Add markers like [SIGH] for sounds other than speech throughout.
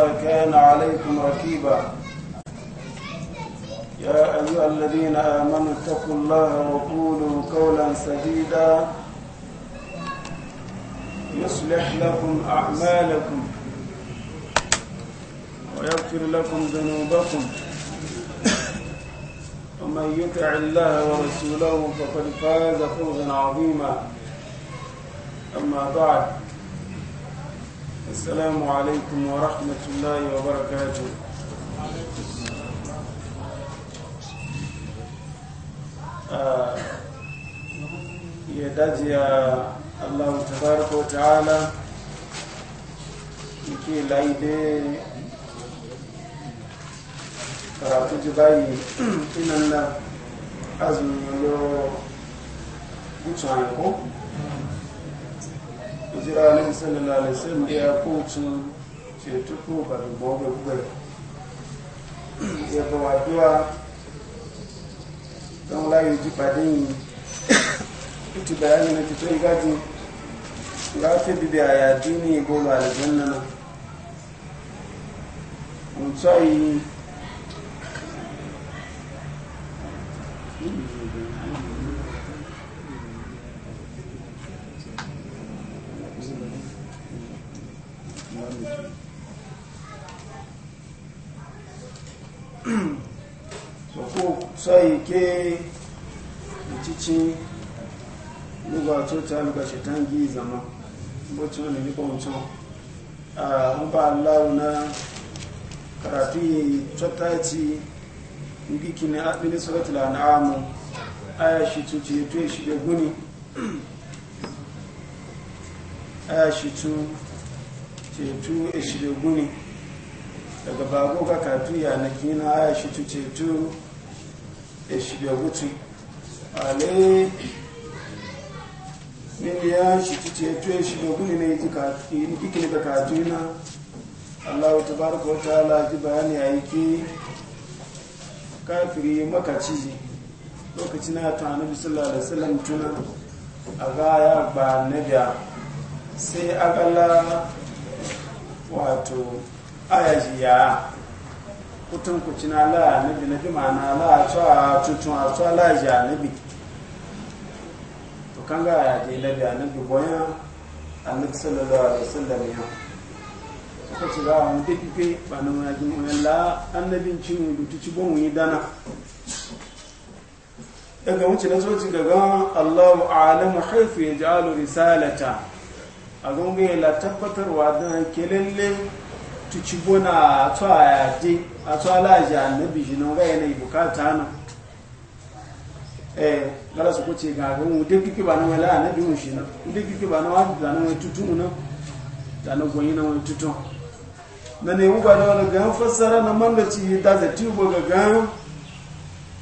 الله كان عليكم ركيبا يا أيها الذين آمنوا اتقوا الله وقولوا قولا سديدا يصلح لكم أعمالكم ويغفر لكم ذنوبكم ومن يطع الله ورسوله فقد فاز فوزا عظيما أما بعد السلام عليكم ورحمة الله وبركاته آه، يدجي الله تبارك وتعالى يكي لايدي فرأتو جباي bayi inan na azumi hijira alaihi sallallahu alaihi wasallam ya kowace ce tuku ba da gobe gobe ya ba waduwa don layu ji fadin ita bayani na fito gaji ga fi bibi a yadi ne goma aljanna na mutsayi ke cici lugba tó ta lugba ṣetan gi zama bó tí nipa ah, lè nípa ọ̀tún àwọn bá aláwọ̀ náà kàràtí tọ́ta ti ngíkì ní administrative and armor aya shi tuci [CLEARS THROAT] ya tuye shi guni aya shi tu ce tuye shi guni daga bago ka katu ya na kina aya shi tu ce eshiga wuce ale nini ya shi cice ya tuye shi ga guni ne ikin da Allah wa tabaraka wa ta'ala ji bayani a yake kafiri makaci lokacin na ta annabi sallallahu alaihi wasallam tuna a ga ya ba nabiya sai agala wato ayaji ya kutun ku cina la nabi nabi ma'ana la cewa cuncun a tsawa la ja nabi to kan ga ya je nabi a nabi boya a nabi sallallahu alaihi wasallam ya ko ci ga wani de ba na mu yaji mu la annabin ci mu dutu ci bon yi dana daga wuce na zoci daga Allahu a'lamu ya yaj'alu risalata a gonga la tabbatarwa da kelele tuci bona tsaya je a to alaji annabi shi nan ga yanayi bukata na eh gara su kuce ga ga mu duk kike ba na wala annabi mu shi nan duk kike ba na wani da nan tutu nan da nan goyi nan wani tutu na ne uba da wani gan fassara na mangaci da zati uba ga gan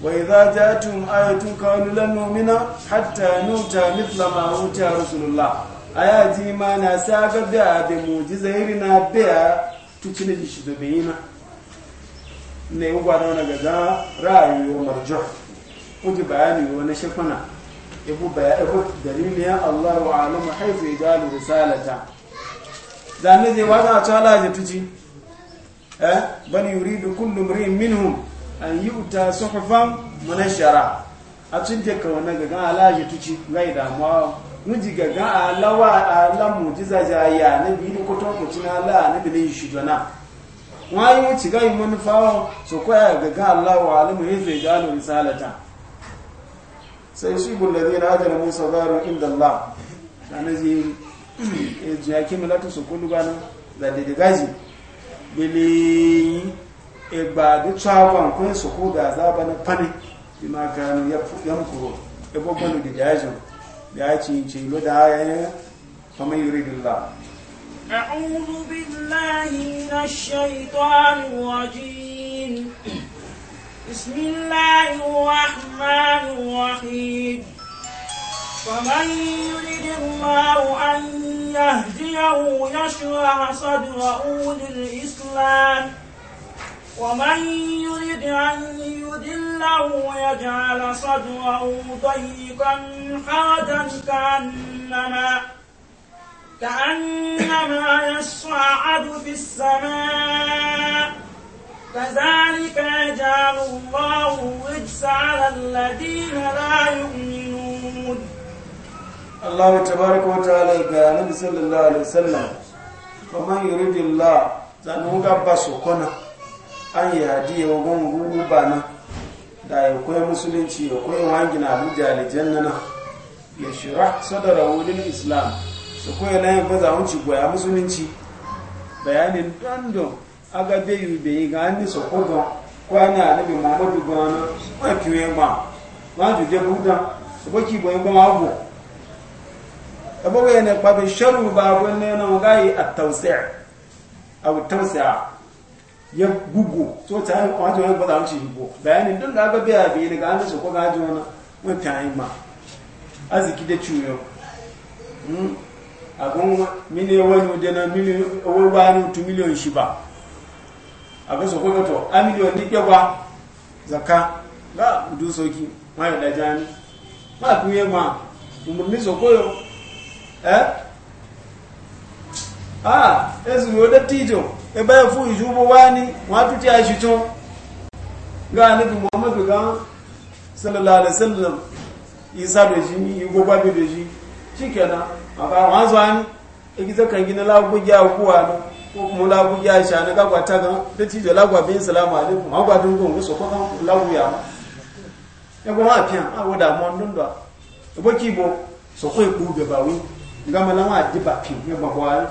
wa idza ja'atum ayatun qalu lan nu'mina hatta nuta mithla ma utiya rasulullah ayati ma na sa ga da mu'jiza irina da tucine shi da bayina ne ugwa da wani gaza ra'ayoyi marjuh kuji bayani wani shekwana ibu bayani dalilin Allah wa alama haifu igalu risalata zane zai wata a cala da tuci eh bal yuridu kullu mri'in minhum an yu'ta suhufan munashara a cin je ka wani gaga ala ya tuci gai damuwa muji gaga alawa ala mujiza ya ne bi ni koton kucin ala ne bi ne shi jona wani wuce gayi manufawa su kwaya ga ga Allah wa alimu ya zai gano misalata sai shi bulladi na ajiyar musa gano inda Allah da na zai ya eh, ji ya kimi su kudu gano da da gaji bili eh, ba da tsawon kun su ko ga zaba na fani bi ma gano ya kuro ya gwaggwano da yajin da ya ci ce lo da ya yi faman yuridin Allah أعوذ بالله من الشيطان الرجيم بسم الله الرحمن الرحيم فمن يرد الله أن يهديه يشرح صدره للإسلام ومن يرد أن يدله يجعل صدره ضيقا حرجا كأنما كأنما يصعد في السماء كذلك يجعل الله الرجس على الذين لا يؤمنون الله تبارك وتعالى قال النبي صلى الله عليه وسلم فمن يريد الله zanun gaba su kona an yi hadiya wa gungu bana da ya kwaya musulunci ya kwaya wangina abu jalijan nana ya shirah sadara wulin islam su na yin baza hunci goya musulunci bayanin dandon aga beyu beyi ga an nisa kogon kwana alabi muhammadu gwana ma fiye ma ma juje buda su baki boyin ba mago abu ga yana kwabe sharu ba ne na a tausaya ya gugu so ta yi wajen wani baza hunci gugu bayanin don da aga ga an ma agun mini eh? ah, e wani dena mini owó bá ní tu mílíọ̀n ṣìbà àgbẹ́sọ̀kọ́ lọ́tọ̀ a mílíọ̀n ní pẹ́wà zaka bá ìdú sókí wọ́n yẹ̀ dájá ní máa kú yẹ máa mọ̀ mí sọ̀kọ́ yọ a ẹ̀sùn yóò dẹ́ tíjọ ẹgbẹ́ fún ìṣúgbó wá ní wọ́n tún tí a ṣì muhammadu gan sallallahu alaihi wasallam isa shi ni igbó gbábí doji shi kenan maka wanzan igiza kan gina lagugiya kuwa no ko kuma lagugiya na gagwa ta ga da tijo lagwa bin salamu alaikum agwa dun gon so ko kan laguya ya go ma pian awo da mon dun da bo ki bo so ko ku be bawi ngama la di ba ya ba wa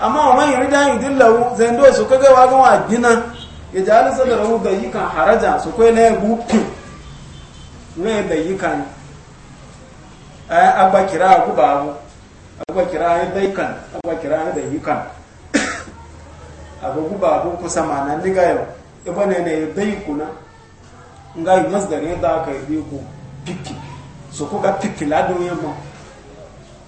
amma wa man da da yikan haraja agba kira guba mu agba kira daikan agba kira daikan [COUGHS] agba guba ko kusa mana ndiga yo ibo ne ne daikuna nga yi masdar ne da ka yi ku piki so ko ga piki la do yemo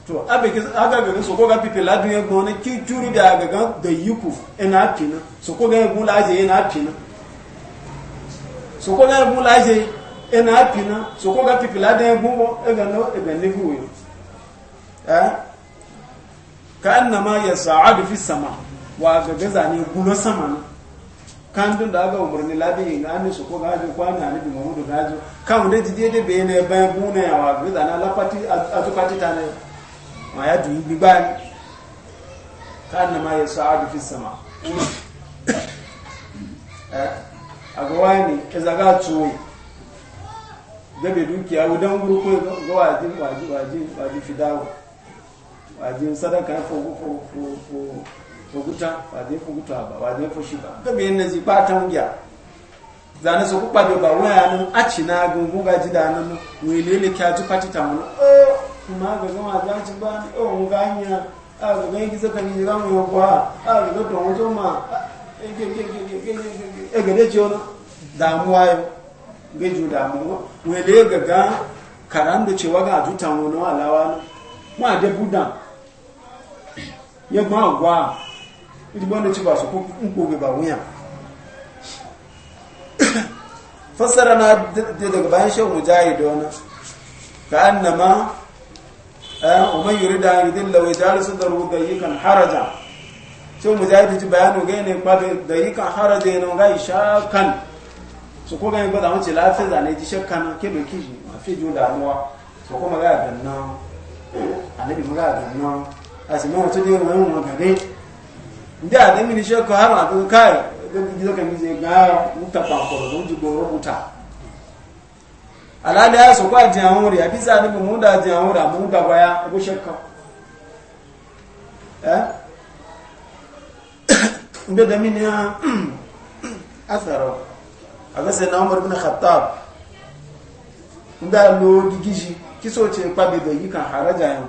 to abe ke aga ga so ga piki la do yemo ne ki juri da ga ga daiku ina pina na ko ga mu la je ina pina so ko na apina soko ga pipila da gumo ega no ega livu yo eh ka ya yas'adu fi sama wa ga gaza ne gulo sama ne kan dun da ga umurni labi ne soko ga ji kwana ne bi mamudu ga ji kan da ji ya be ne na gune wa gaza na lapati atupati tane ma ya du bi anyị ka ya yas'adu fi sama [COUGHS] zabe dukiya wudan guru ko ga wajin wajin wajin wajin fidawo wajin sadaka ko ko ko ko ko guta wajin ko guta ba wajin ko shi ba gabe ba ta zane da ba waya nan a ci na gungun gaji da nan wele ne kya ji fati ta mun eh kuma ga gama za ci ba a ga kwa a ga ma bai ju da mu wele ga gaga karan da cewa ga juta mu no na? mu a de budan ye ma wa ti bon de ti ba so ko ko be ba wuya fassara na daga bayan shehu mujahid wani ka annama eh, umar yuri da yudin lawai jari sun daru da yi kan haraja shehu mujahid ji bayanu ga ne kwa da yi kan haraja yana ga isha kan so ko ganin gwada wuce lafiyar zane ji shakka na ke doki shi a fi jo damuwa so kuma ga abin nan annabi mu ga abin nan a si mawa to dai wani mu ga dai inda a dan mini shakka har ma to kai ga ji zaka mi zai ga muta pa ko don ji goro muta alala ya so kwa ji wuri a fi sa annabi mu da ji an wuri mu da baya ko shakka eh inda [COUGHS] da mini asaro [COUGHS] Agasai ga na umar bin khattab da lo ki kiso ce kwabe da yi kan haraja yau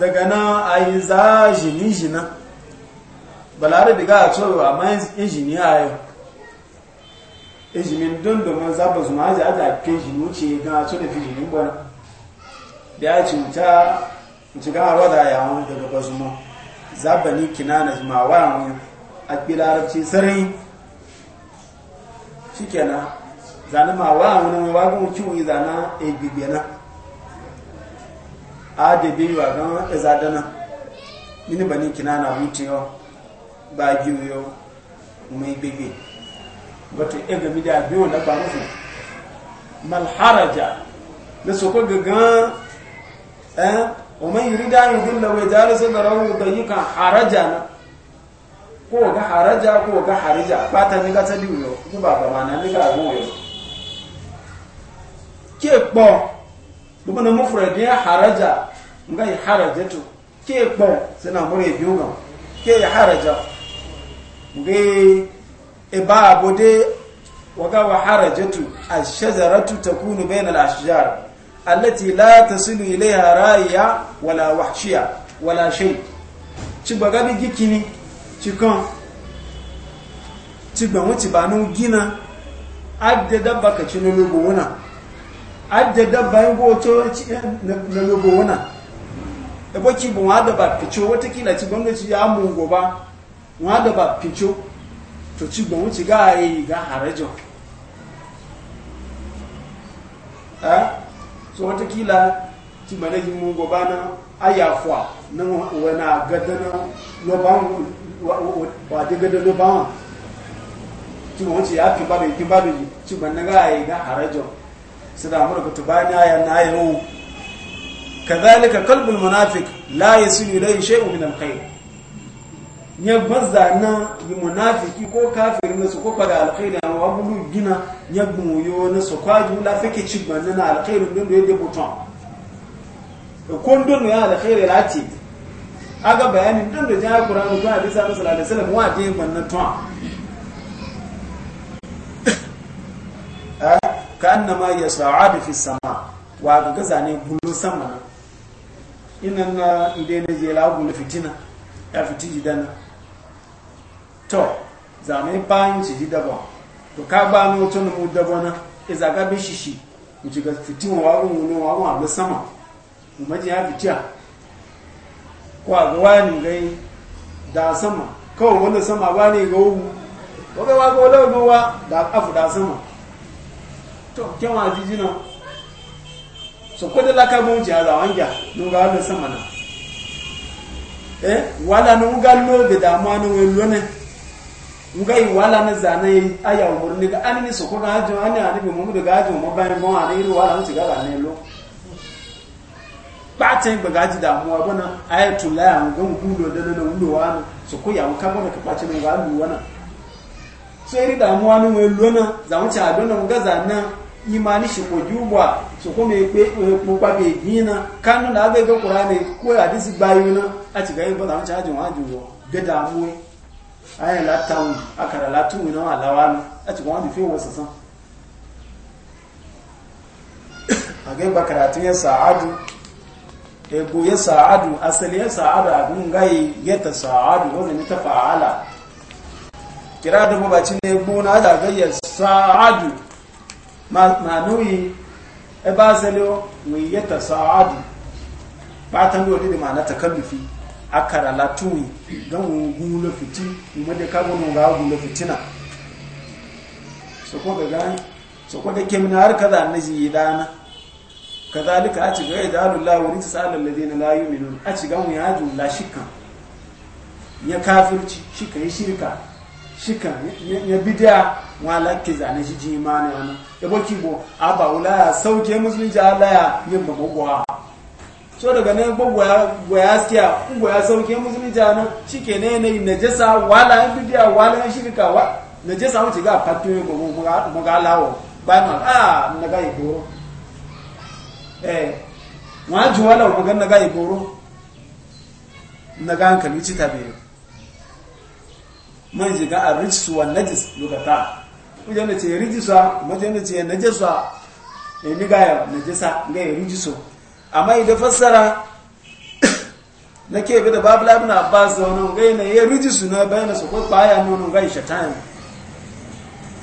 daga nan a yi za jini jina balarabi ga a tsoro amma injini a yau ejimin don domin zaba zuma aji aji fi jini wuce ga a tsoro fi jini gwana da ya ci wuta wuce gan a da yawon daga bazuma zaba ni kinana ma wa yawon a larabci sarai shi na zane ma wa wani wagon kiwon zana a na a da biyu a gan izadana mini banin kina na yau ba yau mai bibi ya gami da biyu na ba rufe malharaja na soko gagan eh wa man yurida yudilla wa jalisu da rawu da yikan haraja na ko ga haraja ko ga harija fata ni ga tadi uyo ku baba mana ni ga go uyo ke po dubu na mufrad ya haraja Nga ngai harajatu ke po sana mure biunga ke yi haraja ngai e ba abode waga wa harajatu ash-shajaratu takunu bayna al-ashjar allati la tasilu ilayha ra'iya wala wahshiya wala shay ci baga bi gikini cikin cikin wuce ba nun gina adda dabba na lobo wuna adda dabba yin goto na lobo wuna da baki ba wadda ba fico watakila ci gwamnati ya mungo ba wadda ba fico to ci gwamnati ga yi e, ga harajon eh so watakila ti malajin mungo ba na ayafuwa na wani gadana na bangun wà dégédé ló bá wọn tí wọn ti yàá pípa bèyí pípa bèyí tí wọn nígbà ayé ga àrẹjọ sídà àmúrò kò tó bá ní ayé náà yẹ wọn. kazalika kalbul munafik láyé sí ilé iṣẹ́ òmìnira kai ya baza na yi munafiki ko kafiri na su ko kwada alkhairi a wa bulu gina ya gbuyo na su kwaju lafike ci gbanna na alkhairi don da ya debutan kundin ya alkhairi lati aga bayanin don da jihar kuranu tun hadisa na sallallahu alaihi wasallam wa dai wannan tun ka annama yas'adu fi sama wa ga gaza ne gulu sama inan na ide ne je la gulu fitina ya fitiji dana to zame pan ji daba to ka ba mu tun mu daba na izaga bishishi mu ci ga fitin wa mu no wa mu sama mu maji ya fitiya wa ga wani gai da sama kawo wanda sama wani ga wu waga waga wala ga wa da afu da sama to kyanwa wa jijina so ko da laka bon ji ala wanja no wanda sama na eh wala no ga no ga da ma no welo ne ngai wala na zane aya umurni ga anini so ko ga ajo ani ani bi mu ga ajo mo ba mo ani wala mu ti ga ne lo ɓatan ba gaji damuwa bana ayatul layan gan gudo da na wudowa na su ko yawon kan bana ka ɓacin nan lu alu na. so iri damuwa ni mai na za mu ci adon nan gaza na imani shi ko jubwa su ko mai pe ko ba be na kan na ga ga qur'ani ko hadisi bayu na a ci ga yin ba za mu ci ajin wajin go ga damuwa ayan la tawu akara la tuwi na alawa a ci ga wani fe wasa san [COUGHS] a ga ba karatun ya sa'adu ego ya sa'adu asali ya sa'adu abin gai ya ta sa'adu wanda ni ta fa'ala kira da babacin ne ego na da gayya sa'adu ma nuyi e ba asali wani ya ta sa'adu ba ta nuna da ma'ana a kara latuni don gulo fiti kuma da ka gano ga gulo fitina so ko ga so ko da kemina har kaza yi dana kadhalika a ciga ya dalu la wurin su sa'alar ladina la yi minun a ciga mu ya jula shika ya kafirci shika ya shirka shikan ya bidya wa zane shi ji imani wani ya boki bo a ba wula ya sauke musulunci allah ya yin ba gwagwa so daga nan gwagwa ya siya gwagwa ya sauke musulunci ana shi ke na yanayi najasa wala ya bidya wala ya shirka wa najasa wuce ga fatu ya gwagwa mugalawa bayan ma a ah, na ga goro eh ma ji wala mu ganna ga igoro na ga hankali ci tabe man ji ga arrijs wa najis lugata kuje ne ce rijisa maje ne ce najisa e ni ga najisa ga rijiso amma idan fassara na bi da babu labin abbas da wani ga ne ya rijisu na bayan su ko baya nono ga shaitan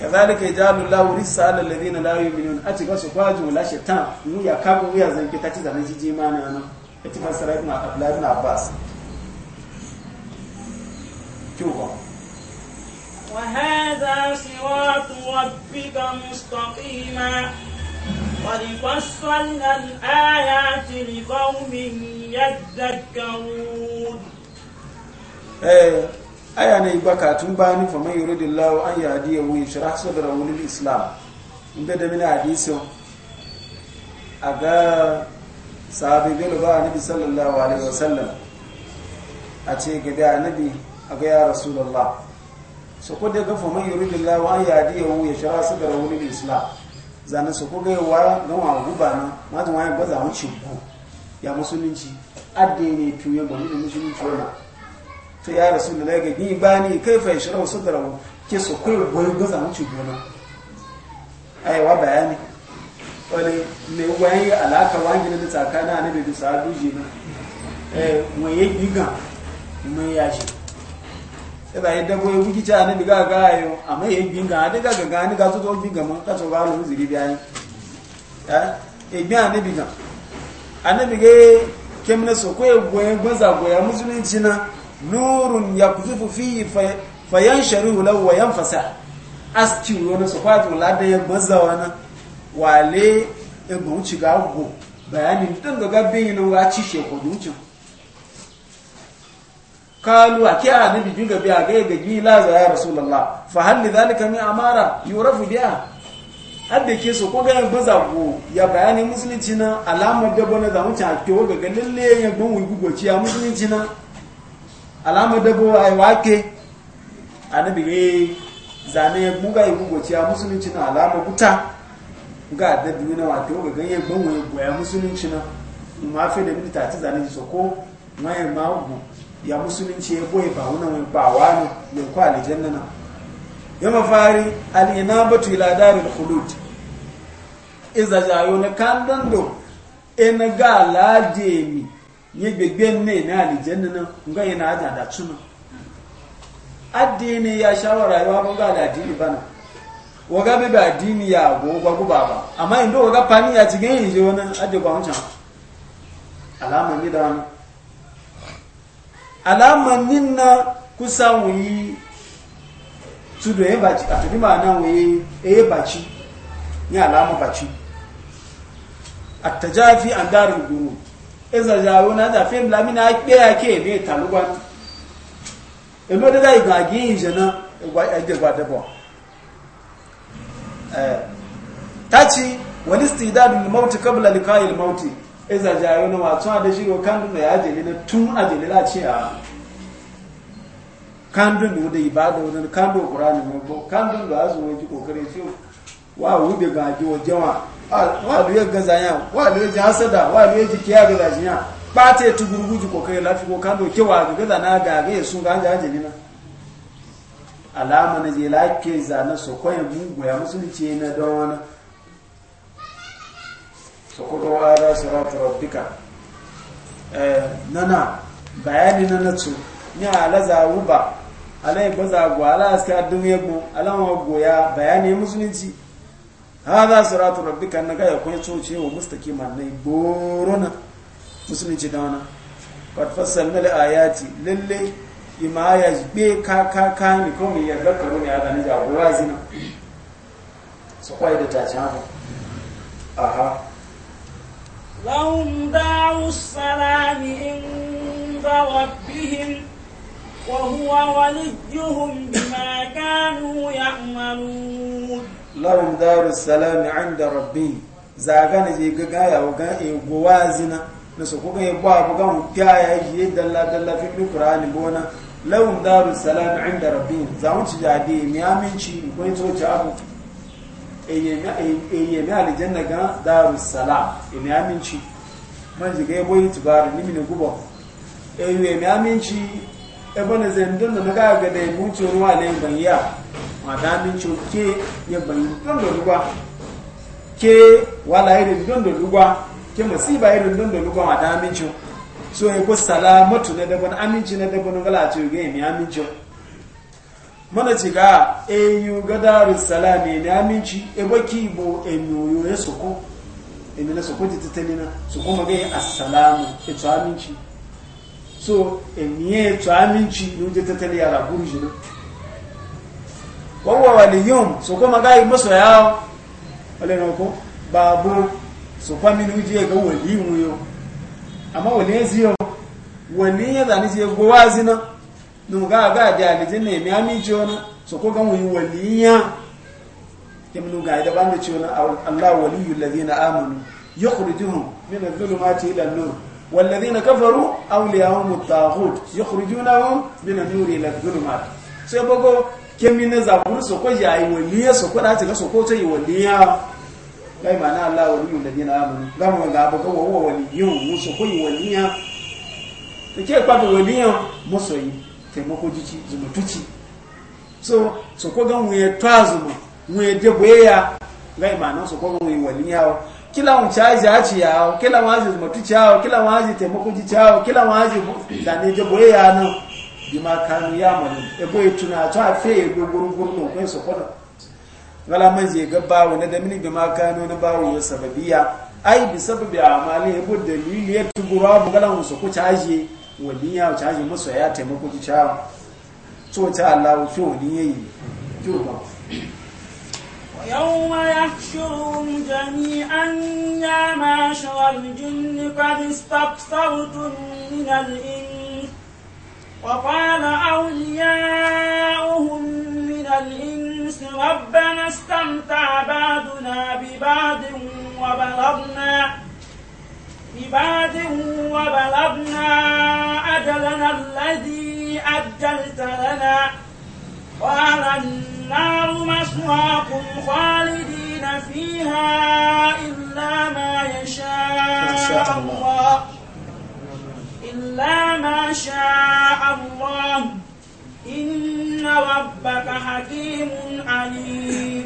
kazalika yajalu lahu rissa ala alladhina la yu'minun ati gaso kwaju la shaitan mu ya kabu ya zanke tati zana jiji mana ana ati fasara ibn abdullah ibn abbas kyuko وهذا صراط ربك aya na igba katun bani fa man yuridillahu an wuyi yashrah sadrahu lil islam inda da mina hadisin aga sahabi bin ba annabi sallallahu alaihi wasallam a ce ga da annabi aga ya rasulullah so ko da ga fa man yuridillahu an wuyi yashrah sadrahu lil islam zana so ko ga wa ga wa guba na ma tun wa ga za mu ci ya musulunci addini tuye mu musulunci wannan to ya rasulullahi ga gi bani kaifa yashrahu sadrahu ke so kai boye gaza mu gona ai wa bayani wani mai wani alaka wani na tsakanin annabi da sahabu ji na eh mu yi giga mu ya shi yi dabo ya wuki ca annabi ga ga yo amma yi ginga a daga ga gani ga zo ginga mun ka so ga lu ziri biyan eh e bi annabi ga annabi ga kemna so ko ya boye gaza goya musulunci na nurun yakzifu fihi fayansharihu lahu wa yanfasa aski wani su kwaji ladan ya baza wani wale ebe wuce ga agwo bayanin ɗin ga gabin yi nan waci shekaru wucin kalu a kiya na biju gabi a gaya gagi laza ya rasu rasulallah fa halli zalika min amara yurafu biya hadda ke so ko gayan baza go ya bayani musulunci na alamar dabo na zamuci a kewa ga lalle ya gbanwe gugoci ya musulunci na alama dabo ai wake annabi ne zane muga ibugoci a musulunci na alama guta ga addabi na wato ga ganye gbanwe goya musulunci na ma fi da minta ta zane ji soko mai ma ugu ya musulunci ya boye ba wani mai ba wani mai kwa aljanna na ya mafari al'inabatu batu darul khulud iza jayo na kandando ina ga lademi nye gbegbe mme na alijanna nan nga yana aja da tuna addini ya shawara ya mun da addini bana waga be ba addini ya go gwa ku baba amma indo waga pani ya cikin yin je wannan aje ba wancan alama ni da alama ninna kusa wuyi tudo e baci atudi mana wuyi e baci ni alama baci at-tajafi an darul gurub eza jawo na da fim la mina gbe ake bi talugwa elo de dai ga gi je na eh, tachi wal istidad lil maut qabla liqa'i al maut eza jawo na wato da shi ko kan da ya je ne tun ajele la ci a kan dun da ibada wannan ne azu wai ji kokare wa wube ga ji wa jama wa duye ga zanya wa duye ji hasada wa duye ji kiya ga zajiya ba ta tu gurguji ko kai lafi ko kan doke wa ga zana ga ga sun ga ga jini na alama na je lake zana so koyi mugu ya musulunci na don wani so ko do ara siratu rabbika eh nana bayani na natsu ni ala zawuba alai baza gwala aska dum yabo alama goya bayani musulunci hada siratu rabbika annaka yakun tsoce wa mustaqiman nay borona musulunci da wana qad fassalna al ayati lalle ima ya be ka ka ka ni ko mi yarda karo ne hada ni jagora zina so kwai da tajaba aha lahum da'u ba inda rabbihim wa huwa waliyuhum bima kanu ya'malun lahum daru salami inda rabbi zaga na je ga ya ga e gowazina na so kuga e ba bu ga mutiya ya yi dalla dalla fi qur'ani bona lahum daru salami inda rabbi za mu ci jadi mi aminci ko to ci abu e ye e ye mi e, e aljanna ga daru salam e mi aminci man je ga e boyi tubar ni mi ne gubo e ye mi aminci e bona zendon na ga ga da e mu ci ruwa ne ban ya wadami cho ke ya bayi dondo lugwa ke wala irin dondo lugwa ke masiba irin dondo lugwa wadami cho so ya ko salamatu na dabon aminci na dabon gala to ga mi aminci mana ci ga eyu gadaru salami ne aminci e baki bo enyo ya soko emi na soko ti titani na soko ma ga assalamu e to aminci so emi e to aminci no je titani ya raburu jina wawa waliyun su kuma gai masu yawo wale na ko babu su kwa je ga waliyun yo amma wale ziyo wale ya zani je go wazina nu ga ga da alijin mi ami jona su ko gan wuyi waliya kim nu ga da ban Allah waliyul ladina amanu yukhrijuhum min adh-dhulumati ila an-nur والذين كفروا أولياءهم الطاغوت يخرجونهم من النور إلى الظلمات سيبقوا kemi na zaburu soko ya yi waliya soko da ta soko ta yi waliya kai ma na Allah waliyun da dina amanu ga mu ga ba ga wa waliyun mu soko yi waliya to ke kwa da waliya musoyi taimako jici zumutuci so soko ga mu ya tazuma mu ya je boya ga ma na soko ga mu yi waliya kila mu mchaji achi yao kila mu wazi zumutuci yao kila mu wazi taimako jici yao kila wazi da ne je boya na bima kanu ya mani ebo ituna to afe e gogoro no kwen so kona wala man ga gabawo na da mini bima kanu na bawo ya sababiya ai bi sababi amali bo dalili ya tugura bu gala so ko chaji wani ya chaji musu ya taimako ki cha to ta Allah fi wani yayi to ba يوم يحشرهم جميعا يا معشر الجن قد استكثرتم من الإنس وقال أولياؤهم من الإنس ربنا استمتع بعضنا ببعض وبلغنا ببعض وبلغنا أجلنا الذي أجلت لنا قال النار مسواكم خالدين فيها إلا ما يشاء الله إلا ما شاء الله إن ربك حكيم عليم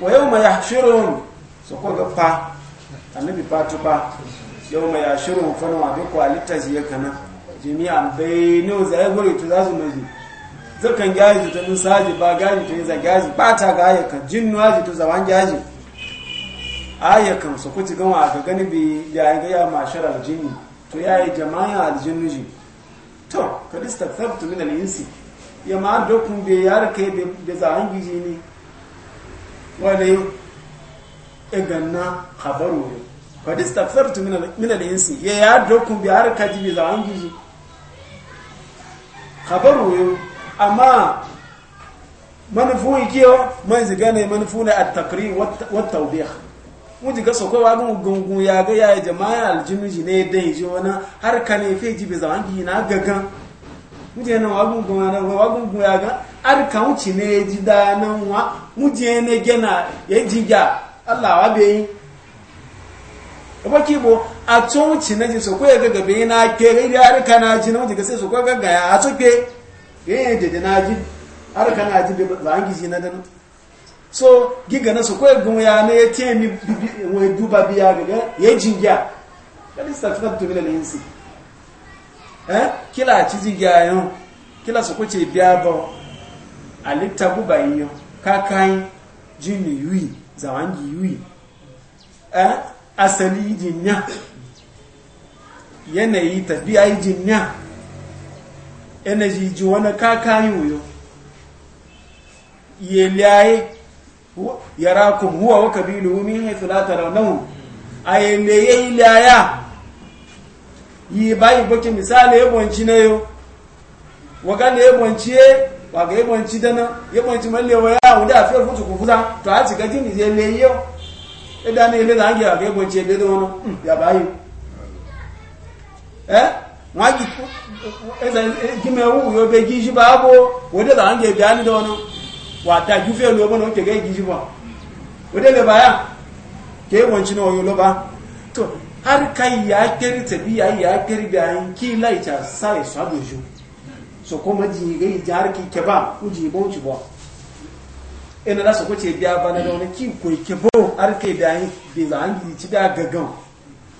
ويوم يحشرهم سقوط فا النبي فاتبا يوم يحشرهم فنوا بكو لتزيه كنا جميعا بينو زي غوري مجي zakan gaji ta nusaji ba gaji ta yiza gaji ba ta ga ayyakan jinnu aji ta zawan gaji ayyakan su kuci gama ga gani bi ya ga gaya mashar aljini to ya yi jama'a aljinnu تو قد استكثرت من الإنس يا ما دوكم بيارك بزاين بيجيني ولي إغنى خبروه قد استكثرت من من الإنس يا يا دوكم بيارك بزاين بيجيني خبروه أما من فوقي كيو ما يزغني من فوقي التقرير والتوبيخ wuji ga sokoi wa gun ya ga ya jama'a aljinu na ne dai ji wani har ka ne fe ji be zaman na gaga wuji na wa gun na wa gun gun ya ga ar ka wuci ne ji da nan wa ya ji ga Allah wa be yi ba ki bo a na wuci ne ji ga na ke ya ka na ji na ga sai ga ya a tsoke na ji har na ji na so giga na su kawai gun ya na ya ce mi wai duba biya gaga ya jingya kadi stafat to bila nsi. eh kila ci jingya yo kila su kuce biya Alita alitta guba yo kakai jini yui zawangi yui eh asali nya. jinya yanayi tabiya jinya energy ji wani kakayi yo yeliaye yarakum huwa wa kabiluhu min haythu la tarawnahu aye me yayi laya yi bayi boke misali yabonci na yo waga ne yabonci ye waga yabonci dana yabonci malle wa ya wuda afiyar futu kufuza to a cika jini zai le yo idan ne le da hangi waga yabonci le da wani hmm, ya bayi eh wagi eza gime eh, wu yo be gishi babo wode da hangi biani da wani wata jufe lo mana ke ga giji ba wode le baya ke wanci e no yo lo ba to har kai ya keri tabi ya ya keri da an ki lai ta sai so abuju so ko ma ji ga jar ki ke ba ku ji bo ci ba ina e da so ko ce biya ba na da wani ki ko ke bo har kai da an bi za an ji ci da gagan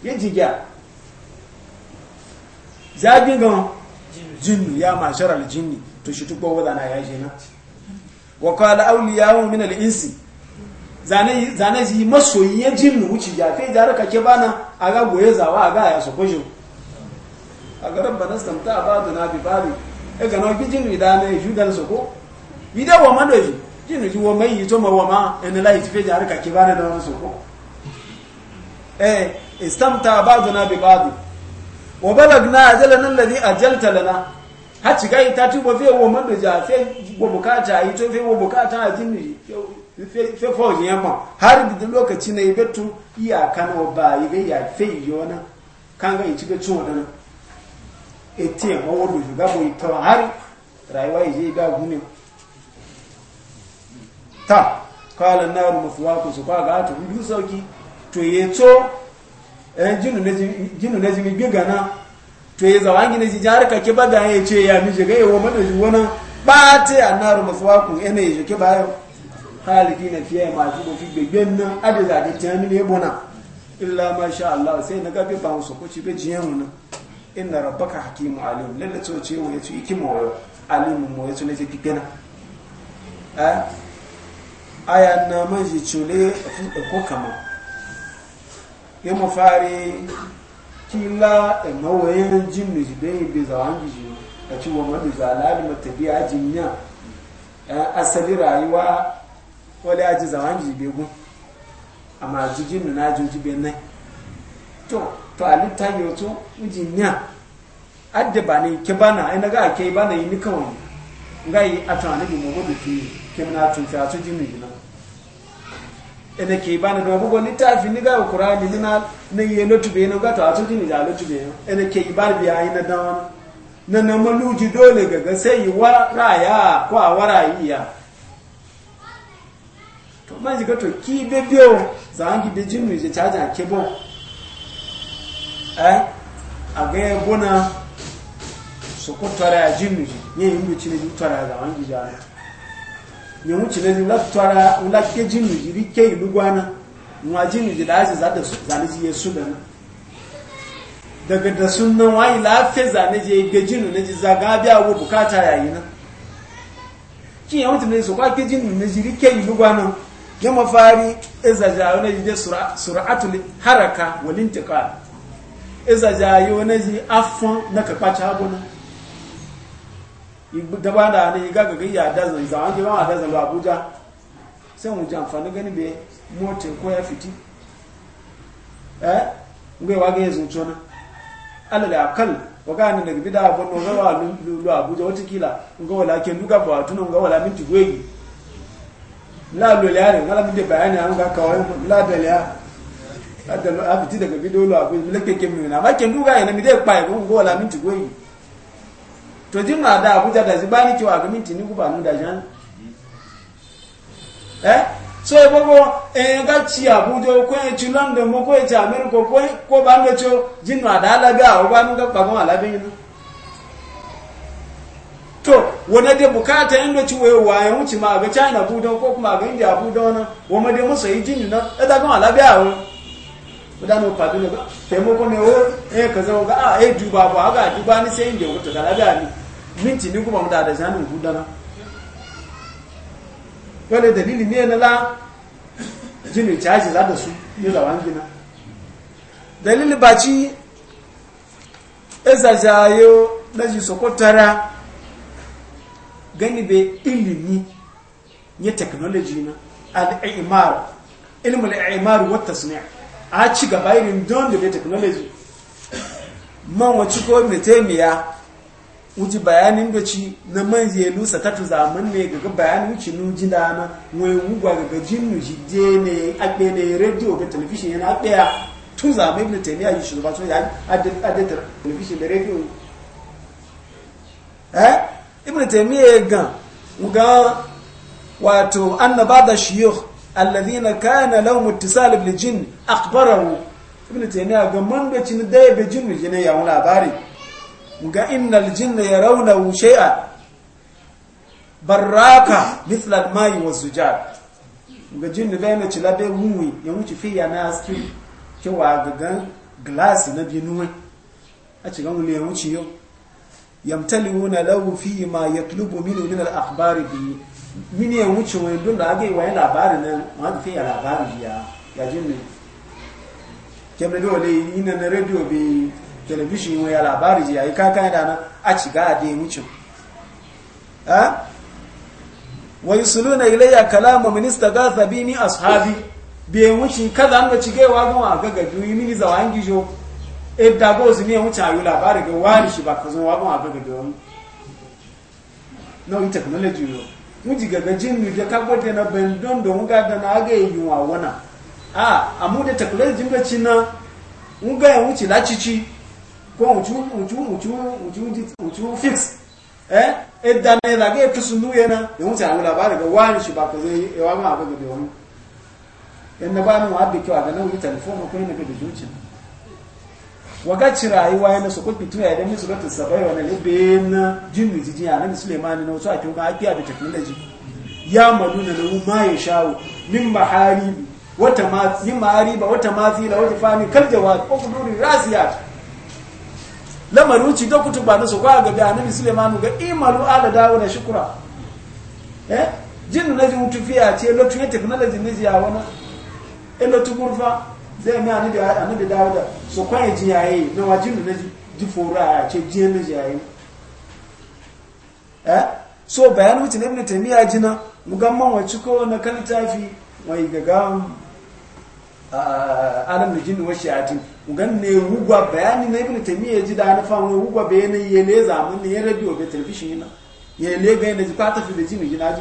ya ji ga zagin gan jinnu ya sharal jinni to shi tukwa na ya je na wa qala awliyahu min al-insi zane zane ji masoyi ya jinnu wuci ya fe jara kake bana aga goye zawa aga ya so kojo aga rabbana stamta na bi bali e ga no jinnu idane judan so ko bida wa madoji jinnu ji wa mai to ma wa ma en light fe jara kake bana da so ko eh istamta abaduna bi bali wa balagna ajalana alladhi ajalta lana hati ga itatu bo fe wo mo do ja fe bo bukata yi to fe wo bukata a jin fe fe fo yin ma har da lokaci ne betu iya kan oba yi ga ya fe yona kan ga yi be tun wadana eti e mo wo do ga bo ito har rayuwa yi ga gune ta kala nar mufwaku su kwa ga ta, du sauki to yeto eh jinu ne jinu ne mi gbe gana to ya zawa gina ji jihar kake ba da ya ce ya mi shiga yawa mana ji wani ɓate a naru masu waku yana ya shike bayan halifi na fiye masu mafi gbegben nan adada da jami'in ya bona illa ma sha Allah sai na gabe ba musu kuci be jiyan mu nan inna rabbaka hakimu alim lalle to ce mu yace iki mu alim mu yace ne take gana eh aya na manji chule ko kama ya mafari kila na wayan jin ne jibe be za an ji a ci wa madu za lali matabi a jinya eh, asali rayuwa wala aji za an jibe gun amma jijin na ji jibe nai to to alita yoto jinya adda ba ne ke bana ina ga ke bana yi ni kawai yi atan ne mu gudu fi kemna tun fi atu jinni na ene ke ba na bugo ni ta fi ni ga qur'ani ni na ne ye no ga to ni ga ene ke bi ayi na na na maluji dole ga ga sai yi wa raya ko a wara yi to ma ji ga to ki be biyo za an be je ke bo eh a ga e bona so ko tara ni yi mu ni tara an ja Nyamu nyewuchile nlatwara nlake jinu jiri ke ilugwana nwa jinu jiri aji zada zanaji yesu dana daga da sunan lafe lafiya zanaji ya ga jinu na ji zaga biya wa bukata yayi na kin yawon tunan su kwake jinu na jiri ke ilugwana ya mafari izajayo e na sura sura'atul haraka walintiqal izajayo e na ji afon na ka kakpacha abuna gaba da ne ga gaga ya da zan zan ke ba da zan ba Abuja sai mu ji amfani gani be motin ko ya fiti eh ngai wa ga yanzu tona alal akal wa ga ni daga bida abun no gawa lulu Abuja wata kila ga wala ke duka ba tunan ga wala minti gwegi la lo le are ngala minde bayani an ga kawai la da le a da a fiti daga bidolo Abuja lake ke mu na ma ke duka ina mi dai pa ko wala minti gwegi to jin na da abuja da zibani cewa ga minti ni guba nu da jan eh so e bogo e eh, ga ci abuja ko e london mo ko e ci america ko ko ba ndo cho jin na da ala ga o ba nu ga pa gon ala bin ni to wani dai bukata yin da ciwo yawa ya wuce ma ga china budon ko kuma ga india budon wani dai musa yi jini na ɗaga kan alabiya wani mudano padu ne mu ne o eh ka zama ga a ah, eh duba ba ga duba ni sai inde wuta da labiya ni minti ni kuma mudada zanin gudana wale dalili ne na la jini caji za da su ni da wangina dalili baci eza jayo na ji sokotara gani be ilimi ne technology na al-i'mar ilmu al-i'mar wa tasni' a ci gaba irin don da technology man wacce ko metemiya wuji bayanin da na man zai lusa ta tuzamin ne gaga bayanin wuce nuji da na wai wugwa gaga jin nuji je ne radio ga television yana tun ya tuzamin ibn taimiyya yi shugaba so ya adada television da radio eh ibn taimiyya ya gan wato annaba shiyukh alladhina kana lahum ittisal bil jinn akhbarahu ibn taymiya ga man da cin da be jinn jine ya wani labari ga innal jinna yarawna shay'a baraka mithl al ma'i wa zujaj ga jinn da yana ci labe wuwi ya wuce fi ya na aski cewa ga gan glass na binuwa a cikin wuli ya wuce yau yamtaliuna lahu fi ma yatlubu minhu min al akhbari bihi mini ya wuce wani dun da aka yi wani labarin nan wani fiye labari ya yajin ne kemgbe da wale yi na rediyo bai telebishin wani labari ya yi kaka da nan a ci ga adi wucin ha wani sulu na ilayya kalama minista gasa bi ni ashabi bai wuce kaza an ga cigewa gan wa ga gabi yi mini zawa an gijo idda e gozu ne wuce a yi labarin ga wari shi ba ka zo wa gan wa ga gabi wani nau'in technology yau Mu muji gaga jin nu ka gwada na bandon da muga da na aga yi wa wana a amu da takular jinga cina muga ya wuce lacici ko mu mu mu wucu wucu wucu wucu wucu fix eh edda ne da ga tusu nu yana ya wuce ba labari ga wani shi ba ka zai yawa ma abu da wani yan na ba mu abbi kyau a ga nan wuce telefon ko ne ga da zuciya wagaci rayuwa yana su kuɗi tuya idan misu rata sabai wani libe na jinnu jiji a nan na wasu ake kyau ga akiya da teknoloji ya malu na lahu ma ya shawo min maharibi wata ma yin mahariba wata ma fila wata fami kal jawab ko kuduri rasiyat lamarin ci da kutu ba na su kwa gabi a nan sulemani ga imalu ala dawo da shukura eh jinnu na jin tufiya ce lotu ya teknoloji na ji a wani ilo eh, tu gurfa zai mai annabi da dawuda su kwaye ji yayi na wajin na ji foro a ce eh? ji na ji yayi eh so bayan wucin ibn taymiya jina mugamman wacce ko na kan tafi mai gaga alam ne jinni wasu yatin mugan ne wugwa bayani ne ibn taymiya ji da na famu wugwa bayanin yele zamun ne ya radio be television yana yele ga yana ji kwata fi da jinni jina ji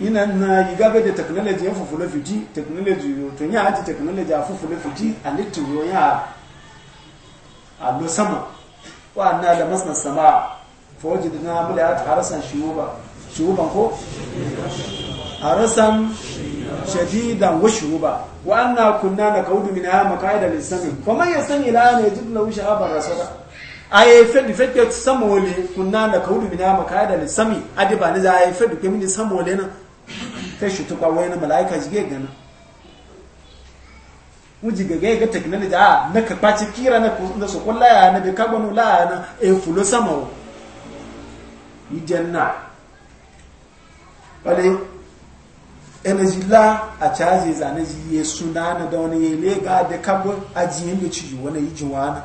ina na igabe da technology ya fufule fiti technology yo to nya aji technology a fufule fiti a litin yo ya a lo sama wa na da masna sama fa da na amla a rasan shuba shuban ko harasan shadidan wa shuba wa anna kunna nakaudu min ha maqaida lisami fa man yasmi ila an yajid lahu ya rasada aye fedi fedi samole kunna maka min ya maqaida lisami adiba ne za aye mini kemini samole na ta shi tukwa wani mala'ika shi gana wuji gaga ga technology a na ka kwaci kira na da su kulla ya na bai kabanu la na e fulo sama wa yi janna wale energy la a caji zane ji ye suna na da wani ya lega da kabo ajiyin da ciji wani yi jiwana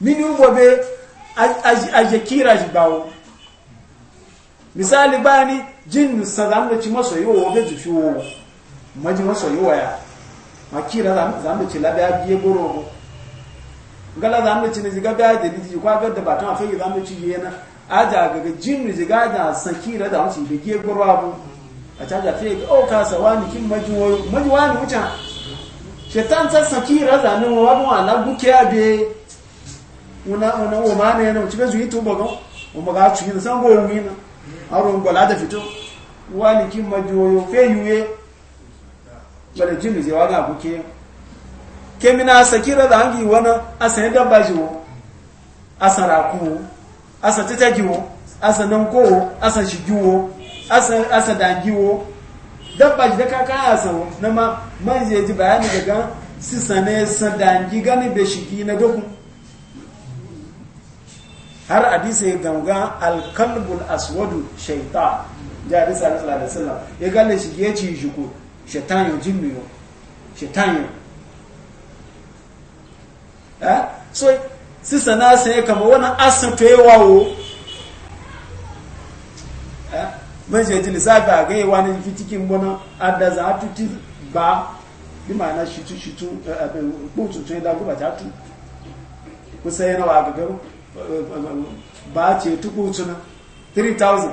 mini ubo be a kira shi bawo misali bani jin sa da ci masoyi wa ga jufi wo maji masoyi wa ya kira zan da ci labiya biye goro ko gala zan da ci ne ziga biya da ni kwa ga da batan fa zan da ci yana a ga ga jin ni ziga da kira da wuce da biye goro abu a ta da fe o oh, ka sawani kin maji wo maji wani wuce shetan ta kira zan ne wa ba na buke abe una una ma mane na wuce ga yi to bago o ga ci ne san go wina aron gola da fito wani kin majoyo fe yuye bala jinu je waga buke kemina sakira da hangi wana asan da bajiwo asara ku asa titajiwo asa nan ko asa shigiwo asa asa dangiwo dabba da kaka asa na ma man manje ji bayani daga sisane sadangi gani be shigi na dokun har hadisi ganga alkalbul aswadu shaitan ya sa sallallahu alaihi sallam ya gane shi ya ci juku shaitan yo jinnu yo shaitan ya eh so si sana sai kama wannan asan to wawo wo eh man je ji lissafi a gaiwa wani fitikin bona adda za a tuti ba bi ma'ana shitu shitu abin tun yi dagu ba ta tu kusa yana wa gagaru eh, eh, eh, ba ce tukutu na 3000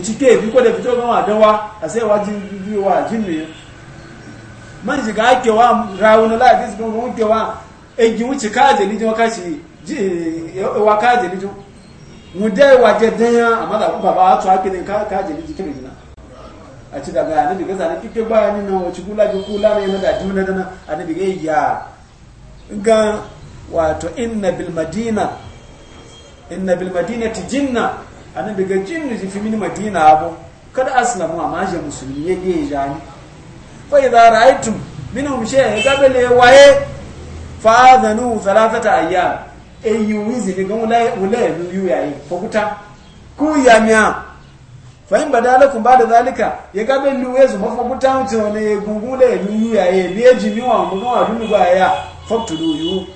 uchike bi ko da fito ga wadawa a sai wa jin bi wa jin ne man ji ga ke wa rawuna la dis ko mun ke wa e ji wuci ka je ni jo ka ci ji e, e, wa ka je ni jo mu dai wa je dan ya amma da baba to ake ne ka ka je ni kire jina a ci daga annabi ga zane kike ba ni nan wuci kula bi kula ne na da dimna dana annabi ga ya ga wato inna bil madina inna bil madinati jinna Ani daga jin da fi min madina abu kada aslamu amma je musulmi ya ge jani fa idza ra'aytum minhum shay'an qabla waye fa adhanu thalathata ayyam ayyuwizi eh, ni gon lai ulai yu yayi fokuta ku yamya fa in ba ba'da zalika ya qabla luwezu mafokuta unto ne gungule yu yayi beji mi wa mu gon adunu ba ya faktudu yu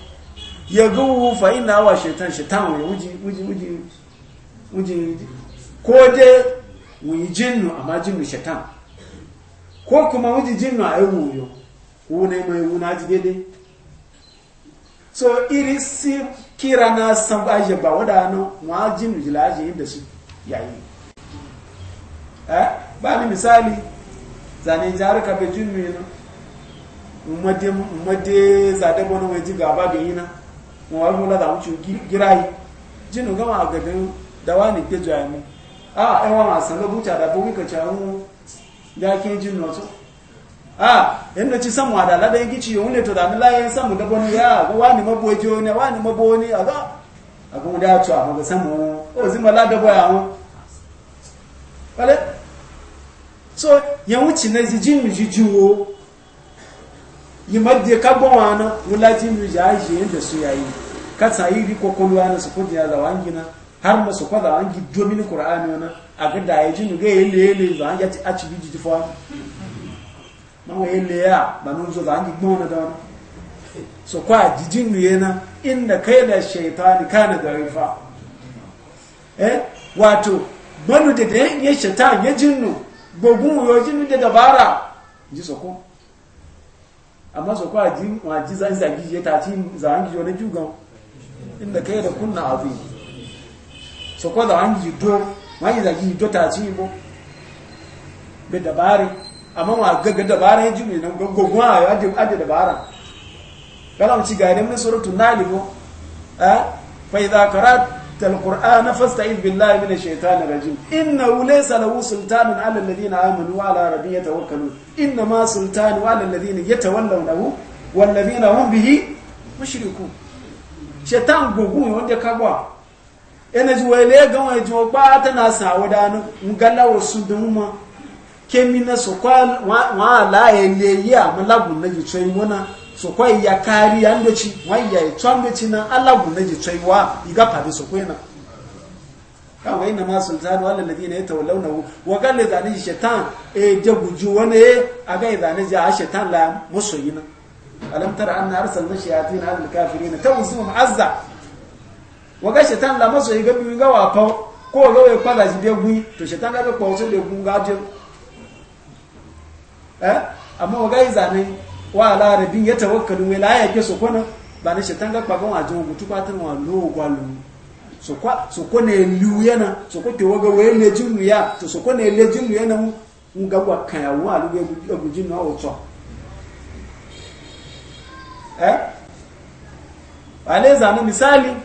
yagu fa inna wa shaitan shaitan wuji wuji wuji ko dai wuyi jinnu amma jinnu shaitan ko kuma wuji jinnu a yi wuyo wune mai wuna ji daidai so iri si kira na san ba baje ba wadano wa jinnu jilaje inda su yayi eh ba ni misali zane ka be jinnu yana umade umade zade bono weji gaba be yana mu wa mu la da mu chu girai jinnu ga ma ga da wani kejo ah, ah, ah, ya mu a ɗan wani asan da buta da bugu ka ci hannu da ke jin notu a yadda ci samu da lada yi gici yawon leto da ni layan samu da bani ya ga wani mabojo ne wani mabo ne a ga a ga wuda ci a ga samu o zima lada boya mu wale so yawon ci na jijin mi jijiwo yi madde ka gbawa na wulajin mi jaji yadda su yayi ka tsayi riko kolwa na su kudi ya zawangina har masu kwada an gi domini qur'ani a ga da yaji nu ga yele yele za an yati achi bi jiti fa ma wa yele ya ba nun zo za an gi gona da so kwa jijin nu yana inda kai da shaytani kana da rifa eh wato banu da da ya shaytan ya jinnu gogun yo jinnu da dabara ji soko amma soko a ji wa ji za zan zagi ya ta ci za an gi yo na jugan inda kai da kunna azim so kwa da wangi do wangi da gi do ta ci bo be dabare, amma wa gaga dabare ya jimi nan gogo wa ya ji ade dabara kala mu ci ga ne mun suratu nalibo eh fa idza qara'ta alqur'ana fasta'id billahi minash shaitani rajim innahu laysa lahu sultanun 'ala alladhina amanu wa 'ala rabbihim yatawakkalun innama sultanu 'ala alladhina yatawallawnahu wal ladhina hum bihi mushrikun shaitan gogo wanda kagwa ene ji wele ga wani ji ba ta na sa wada na ngala wasu da mu kemi na so kwa wa la ele ya malagun na ji tsoyi mona so kwa ya kari an doci wa ya tsoan doci na alagun na ji tsoyi wa iga pade so kwena kawai na masu zanu wala ladina yatawallawna wa qalla zani shaitan e je guju wani e, aga zani ji a shaitan la musoyina alam tara anna arsalna shayatin al kafirin tawsuhum azza waga shetan la maso yiga bi ga wa pa ko ga we pada ji de gwi to shetan ga ko so de gun ga je eh amma waga iza ne wa ala rabbi ya tawakkalu we la ya ke so kona ba ne shetan ga pa ga wa jin gutu pa tan wa lo gwa lu so kwa so ko ne lu yana so ko te waga we ne jinu ya to so ko ne le jinu yana mu ga gwa kan ya wa lu ga gu jinu a o to eh ale zanu misali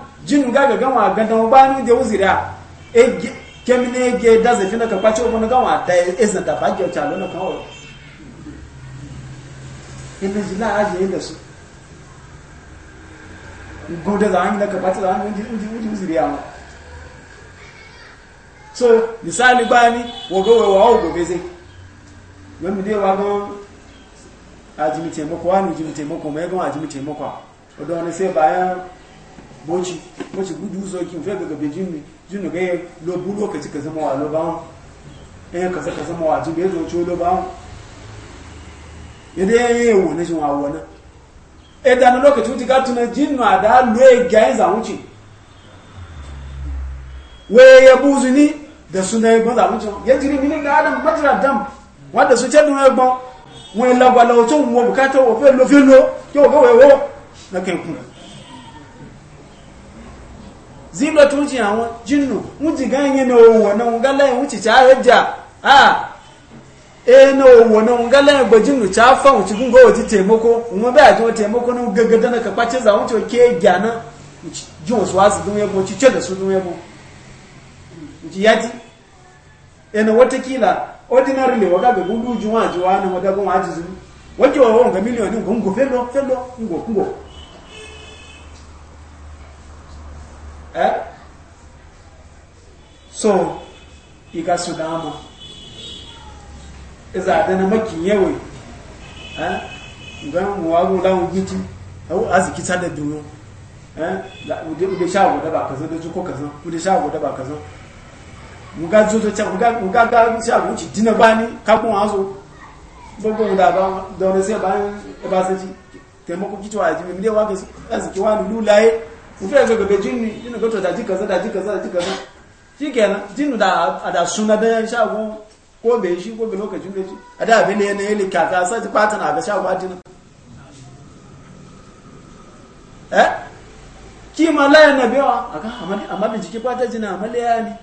jin ga ga gama ga dan bani da uzira e kemine ge da zafi na ka kwace obun ga wa ta ezna e ta ba chalo na kawo ina jila aje inda su gode da an da ka kwace da an ji ji ji uzira ma so misali bani wo go we wa o go beze yo mi de wa go ajimi temoko wa ni ajimi temoko me go ajimi temoko odo ne se bayan boci boci gudu zo fe daga bejin ne jinu ga lo bu lokaci ka zama wa lo ba eh ka ka zama wa jin bezo cho lo ba yede ye wo ne jin wa wo eh, na e da no lokaci uti ka tuna jin na da lo e ga za wuci we ye buzu ni da suna yi ba za wuci ya jiri mini da adam majra dam wanda su ce dun ya gbon wọn lagwa lọ tó wọn bukata wọn fẹ́ lo fẹ́ lo kí wọn kẹwàá wọ na kẹkùn zimla tunji àwọn jinnu wuti ganye na owo na ngala yin wuti cha reja ah e na owo na ngala yin gbajinnu cha fa wuti gungo wuti temoko mo be ajo temoko na gagada na kapa che za wuti oke na. ji wasu wasu dun yebo ci ce da su dun yebo ji yati e na wata kila ordinarily waga ga gudu juwa juwa na waga gun wajizu wajo wa ga miliyon gungo fello fello ngo ngo eh so iga su dama iza da eh? na makin yawe eh gan wago lawon giti au aziki sada da sha guda ba da zuko kaza kuda sha guda ba kaza muga zozo ta muga ga sha guci dina bani ka kun azo da ba da wani sai ba ba sai taimako kitwa ajimi ne wa ga aziki wa lulaye mufiya ya gabe jinni jinni gato da ji kaza da ji kaza da ji kaza shi kenan jinni da a da suna da shago ko bai shi ko bai lokacin da shi a da abin da ya nayi likata sai ji fata na ga shago adina eh ki ma na yana bewa aka amma amma bin jiki fata jina amma ya yani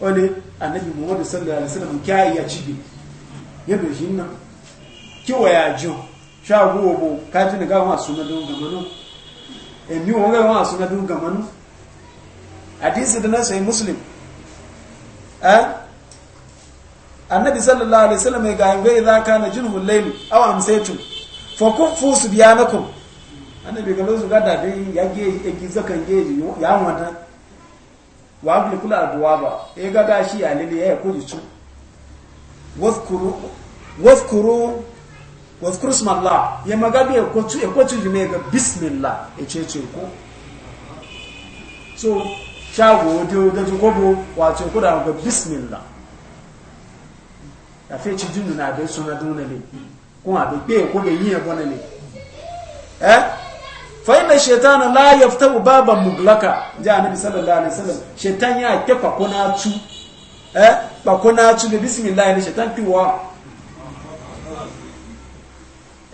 wani annabi muhammadu sallallahu alaihi wasallam kai ya cibi ya bai shi nan ki waya jo shago bo ka tuni ga masu na don gaba nan emi wọn ga wọn asuna bi ga manu hadisi da nasa muslim eh annabi sallallahu alaihi wasallam ga yin za ka na junhul layl aw amsaytu fa kuffu subyanakum annabi ga lozu ga da bi ya ge egiza kan ge ya wata wa abli kula adwaba e ga gashi alili ya ko chu wazkuru wazkuru wazkur smallah ya magabi ya kwacu ya kwacu jime ga bismillah ya ce ce ku so shago da da jugobo wato ku da ga bismillah ya fe ci jinnu na da suna duna ne kuma da be ko be yi bona ne eh fa inna shaytana la yaftahu baban muglaka ja annabi sallallahu alaihi wasallam shaytan ya kefa kona tu eh ba kona tu da bismillah ne shaytan kiwa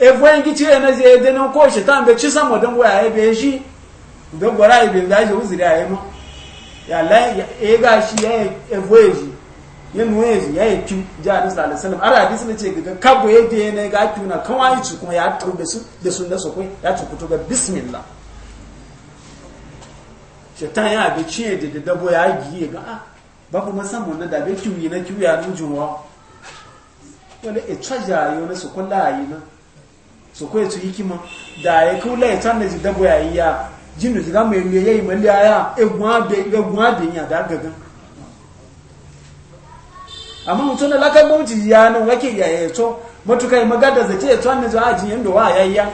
efoyin kici yana zai yadda nan ko shi ta mbe ci sama don waya ya bai shi don gwara ya bai zaji uzuri a yi ma ya lai ya yi shi ya yi ya shi ya nuna ya ya yi kyu ji a ara hadisi na ce gaga kabo ya da yana ga kyu na kan wani ci kuma ya tu da sun da sokwai ya ci kuto ga bismillah shaitan ya bai ci ya da dabo ya giye ga a ba kuma na da kyu yi na kyu ya nujin wani e caja wani su na so ko yetu hikima da e ya kula ya tanna ji dabo e ya ya jinnu e ji ga mai ya yi mali aya egun abe egun abe ni ada gagan amma mutun da laka bauti ya nan wake ya yi to matuka yi magada zace ya tanna ji ajin yadda wa ayayya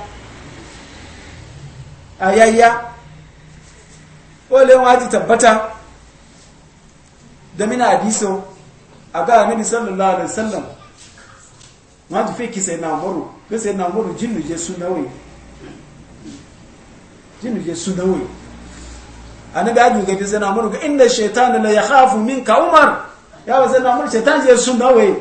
ayayya ole wa ji tabbata da mina hadiso aga nabi sallallahu alaihi wasallam ma ji fi kisa na muru Eh? Eh? ga sai na umaru jinnu je su nawai jinnu je su nawai annabi ya duga sai na umaru ga na ya hafu min ka umar ya ba sai na umaru shaytan je su nawai eh?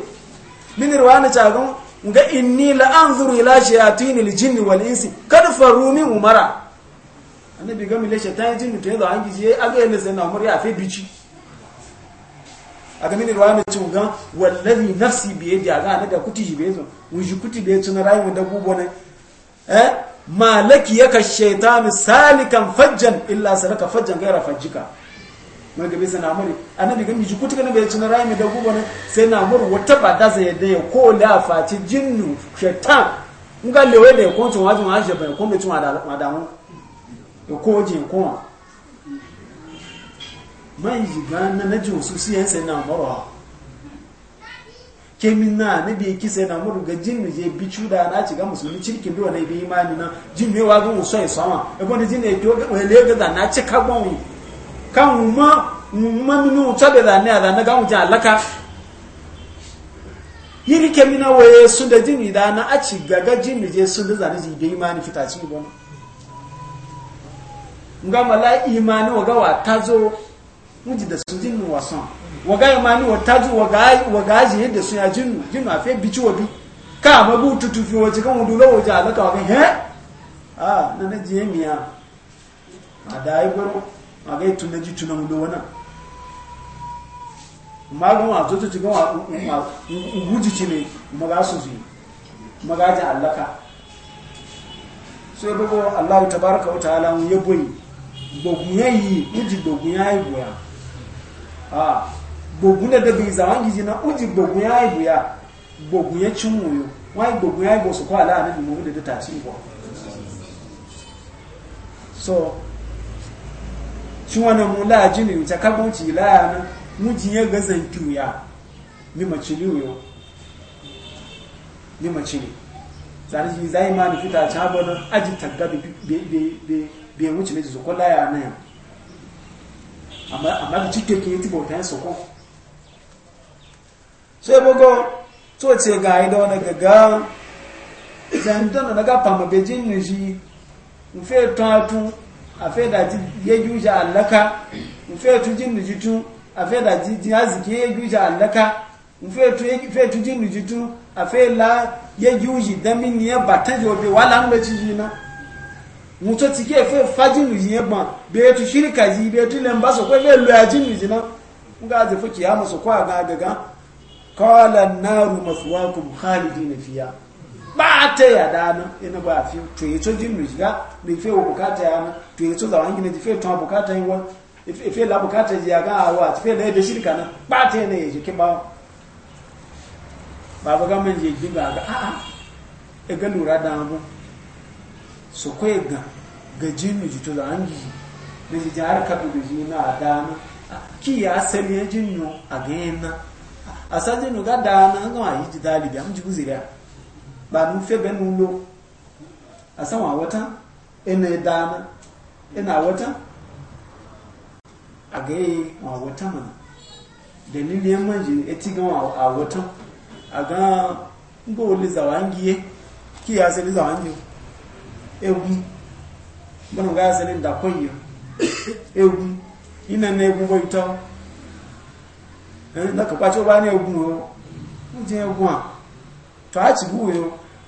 min riwana ta ga ga inni la an anzuru ila shayatin al jinni wal insi kad faru min umara annabi ga mi le shaytan jinnu to yanzu an gije aga yana sai na umaru ya fe bici aga mini ruwa mai cin gan wallazi nafsi biye da ga na da kuti jibe zo shi kuti biye tun rayu da gubo ne eh malaki yaka shaytan salikan fajjan illa saraka fajjan gaira fajjika mai gabe sai na mari annabi ga miji kuti kana biye tun rayu da gubo ne sai na mur wata bada zai da ya ko la faci jinnu shaytan nga lewe da ya ko tun wajin wajin bai ko mai tun da da mu ko jin ko man shiga na naji wasu su yan sai na marwa kemin na na bi ki sai na maru ga jin ne je bi cuda na shiga musulmi cirkin biwa na bi imani na jin ne wa ga musu ai sama e bon jin ne to ga le ga na ci ka gon wi kan ma ma mi nu ta be da ne da na ga mu ja alaka yiri kemin na waye su da jin da na a ci ga ga jin ne je su da zani ji bi imani fita ci gon nga mala imani wa ga wa tazo mun da su jinnu wasan waga ya mani wata ju waga ji yadda sun ya jinnu jinnu a fiye bici wa bi ka ma bu tutufi wa kan wudu lawo a alaka wa he a na na ji miya a da yi gwaro a ga tun na ji tun na wana ma ga wa tutu ci ga wa guji ci ne maga su zuyi maga ji allaka so ya allahu tabaraka wa ta'ala ya boyi gbogun yayi uji gbogun yayi boya a gbogun da dabi za wangi jina uji gbogbo ya yi ya gbogbo ya cin muyo wani gbogun ya yi su kwa ala anabi mu da ta ci ba so ci wani mu la jini wuce kabon ci la ya nan mu jiye ga zankiyu ya mi liyo ni mi macili zari ji zai ma ni fita ci habo aji tagga bai wuce ne jizo ko la ya Ama bi cike ke ti bautan su ko bugo to ce ga yi da gaga na gafa mabejin ne shi nfe a fe da ji ya yuja allaka nfe tu jin a fe da ji tu fe tu jin a fe la wala mutu ti ke fe fajin miji ye ban be tu shirika ji be tu len ba so ko be lo ajin miji na nga je fuki ya musu ko aga, ga ga qala an-naru maswaakum khalidina fiha ba ta ya dana ina ba fi to ye to jin miji ga ni fe wo bukata ya na to ye to za wangi ne fe to bukata yi wa ife la bukata ji ya ga awa ti fe le be shirika na ba ta ne je ke ba ba ba ga men je ji ga a a e ga lura da mu so kwaye ga gaji mai jito da an gizi na jiji har kaɗu gaji na a dana ki ya asali ya jin yau a ganyen na a sajin yau ga dana an gama yi ji dalibi an ji guziriya ba nun fe ben nulo a sama wata ina e ya dana ina e wata a gaye ma wata mana dalilin yan manji ya ci e gama a wata a ga ngowar lizawa an giye ki ya asali zawa an giye egwu mụrụ ga asịrị ndakwenyo egwu ina na egwu eh, bụ ịtọ na kakwacha ụba na egwu o ụdị egwu a to a chigbu wee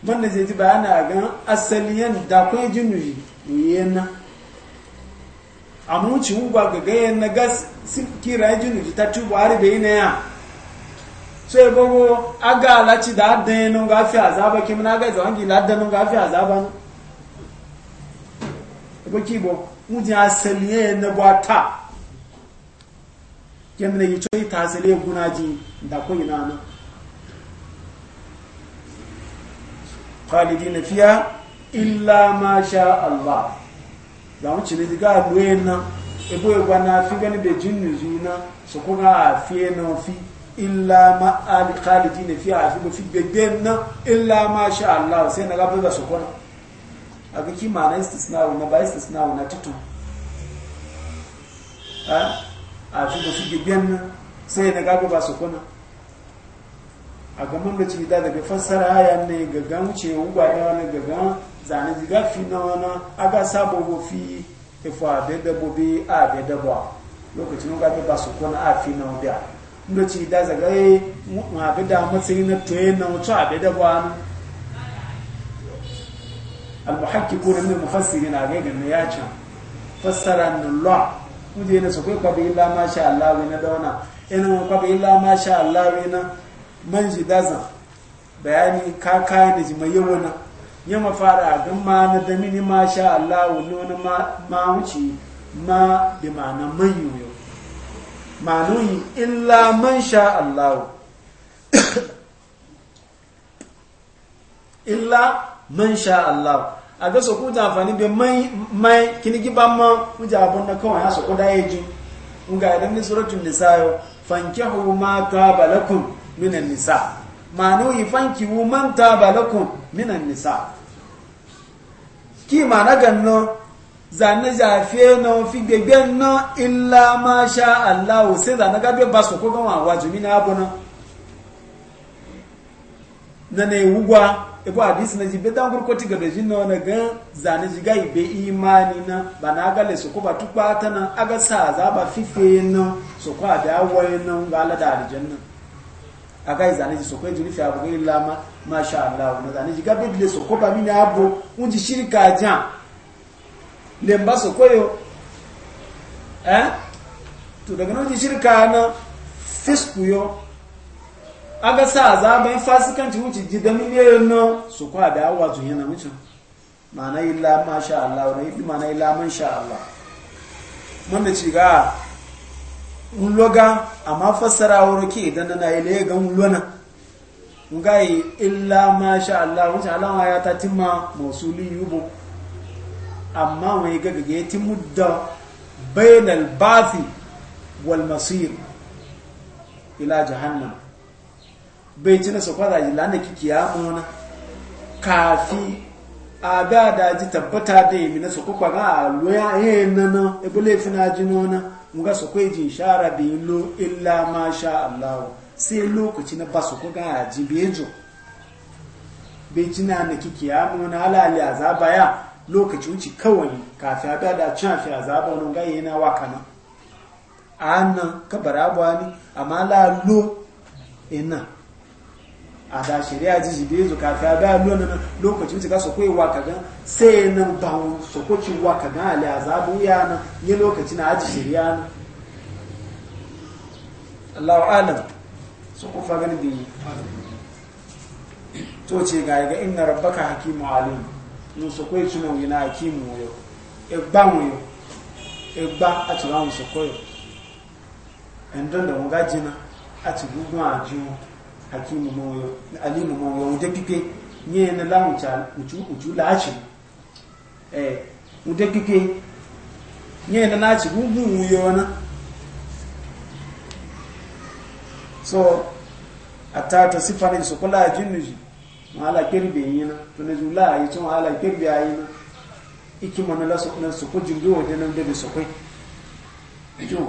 wanda zai ji ba na ga asali yan dakwenyo ji nuyi nuyi na amuci ugwa gaga yan na gas kira ji nuyi ta ci buhari bai ya so ya gogo aga alaci da adda yanon gafi azaba kimina ga zawangi da adda yanon gafi azaba baki bo mujin asali ne na bata kemne yi choi ta asali guna ji da ko ina na khalidin fiya illa ma sha Allah mu diga fi gani na fi illa ma fiya fi na illa ma sha Allah sai na ga ba a ga kima na istisna na ba istisna na tutun a fi da su gibiyan nan sai na gaga ba su kuna a ga da ci daga fassara aya ne ga gamce ugwa ya wani ga gan zane ziga fi na wani aga sabo fi ifa e da bi a da dabo lokacin ga ba su kuna a fi na wani da ci da zaga eh, ma bi da matsayi na toye na wuce a da dabo almuhakkikun min mufassirin a gaigan ya can fassara nan law kuje ne su kai illa ma sha Allah na dauna ina kwabi illa ma sha Allah na man ji daza bayani ka kai ne mai yawana yamma fara gan ma na da mini ma sha Allah na ma ma ma bi ma'ana man yoyo ma'anoyi illa illa man sha Allah a ga so kuta amfani bai mai Kinigi ban ma muje abun na kawai ya so kuda ya ji ga idan ni suratul nisa yo fankihu ma taba lakum minan nisa fanki hu man taba lakum minan nisa ki ma na ganno zane jafe na fi gbegbe na illa ma sha Allah sai zane gabe ba so ko ga wa wajumi na abuna na ne wugwa ibu hadisi na jibe dan gurko ti gabe jin na ga zane jiga ibe imani na bana aga le ko batu kwata na aga sa za ba fife na su ko ada waye na ga ala da aljanna aga zane ji su ko e jini fi abu illa ma masha Allah na zane jiga be dile su ko ba mi na abu unji shirika jan lemba su ko yo eh to daga no ji shirika na fisku yo aga sa za ban fasikanci wuce ji da miliyoyin nan su kwa da yawa tun yana wucin mana illa ma sha Allah wani yi mana illa man sha Allah man da ci ga un loga amma fassara wuri ke idan na yi laye ga un lona nga yi illa ma sha Allah wuce alama ya ta timma mausuli yubu amma wani gagage ya timu da bainal bathi wal masir ila jahannam bai ci na sokwada yi lana kiki ya mona kafi a da da ji tabbata da yi su kuka ga a loya yi nana ebule fi na ji nona su sokwai ji shara bi lo illa ma sha allahu sai lokaci na ba kuka ga a ji jo bai ci na na kiki ya mona a zaba ya lokaci wuce kawai kafi a da da fi a zaba wani gaye yi na wakana a hannun kabara ne amma la lo ina e a da shari'a ji jibe zu ka ta ba lona na lokacin ka so wa ka ga sai nan ba so ko ki waka ga ali azabu ya na ni lokacin na aji shari'a na Allahu alam so ko fa gani bi to ce ga ga inna rabbaka hakimu alim nu so koi na wina hakimu yo e gba mu yo e gba a tura mu so koi en da mu gajina a ci gugun ajiyun hakimu moyo alimu moyo uje pipe nye na la ucha uchu uchu la achi eh uje pipe nye na la achi gugu uyo na so atata sifani sokola jinnuji mala kirbe yina tunajula yi tun ala kirbe yina ikimana la sokna sokoji ndo de nan de sokoi ijo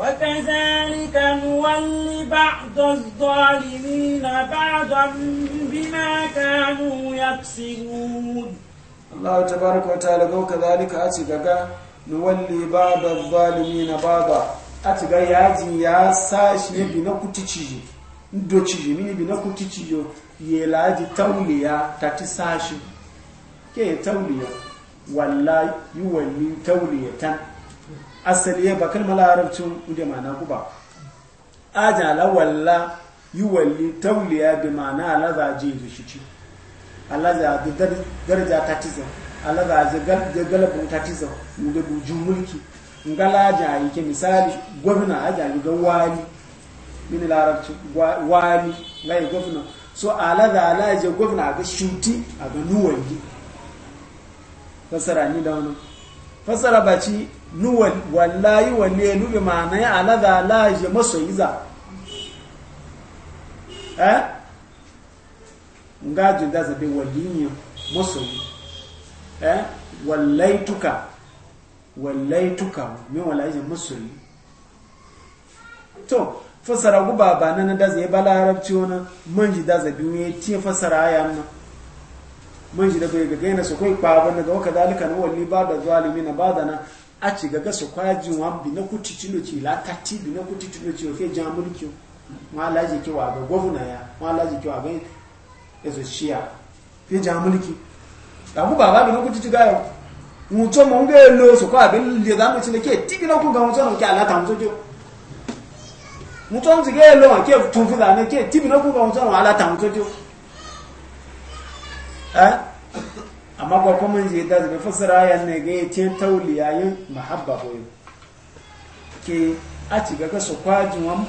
وكذلك نولي بعض الظالمين بعضا بما كانوا يكسبون الله تبارك وتعالى وكذلك أتجاك نولي بعض الظالمين بعضا أتجا ياجي يا ساشي بنا كتشي ndochiji mini bina kutichiyo yelaji tauliya tati sashi ke tauliya wallahi yuwalli tauliyatan asali ya ba kalmar larabcin ude ma'ana ku ba ajala walla yi walli tauliya bi ma'ana alaza ji da shi ci alaza da garja ta tizo alaza da galabin ta tizo mu da bujin mulki ngala jayi ke misali gwamna ajayi ga wali min larabci wali lai gwamna so alaza alaje gwamna ga shuti a ga nuwangi fasara ni da wani fasara ba ci wallayi walle nu bi ma'ana ya alaza laje maso masoyiza eh nga jin da zabe waliyin masoyi eh wallaituka tuka min wallayi je yi. to fasara guba ba nan da zai harabci wani manji da zabe wuye tiye fasara ayan nan man shi da bai ga gaina su kai kpaban daga waka dalika na walli ba da zalimi na ba da na a ci gaga su kwaji wa bi na kuti tilo ci la tati bi na kuti tilo ci ofe jan mulki ma laji ki wa ga gwamna ya ma laji ki wa ga ezo shia fi jan mulki da ku baba bi na kuti ti mu to mo nge lo su kwa bi le da mu ci ne ke ti bi na ku ga muto no ke ala ta muto jo muto nge lo ke tun fi da ne ke ti bi na ku ga muto no ala ta muto jo Eh? amma ba kuma je da zai fasara ya ne ga yace tauli yayin mahabba boyo ke a ci ga kaso kwajin wa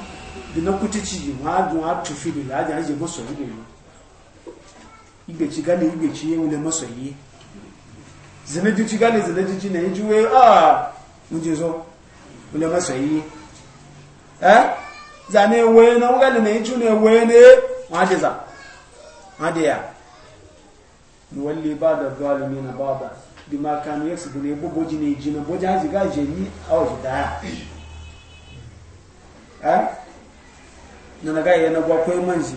dina kutici wa dun a tufi da laji haje maso yi ne ibe ci gale ibe ci yau da maso yi zane ji ci gale zane ji ne ji we a mun je zo wala maso yi eh zane we na wala ne ji ne we ne ma je za ma de ya nuwalli ba da zalimi na ba, bi ma kanu ya su gune bobo boji ne ji na boji haji ga je ni a waje daya a na na gaya na gwakwai manji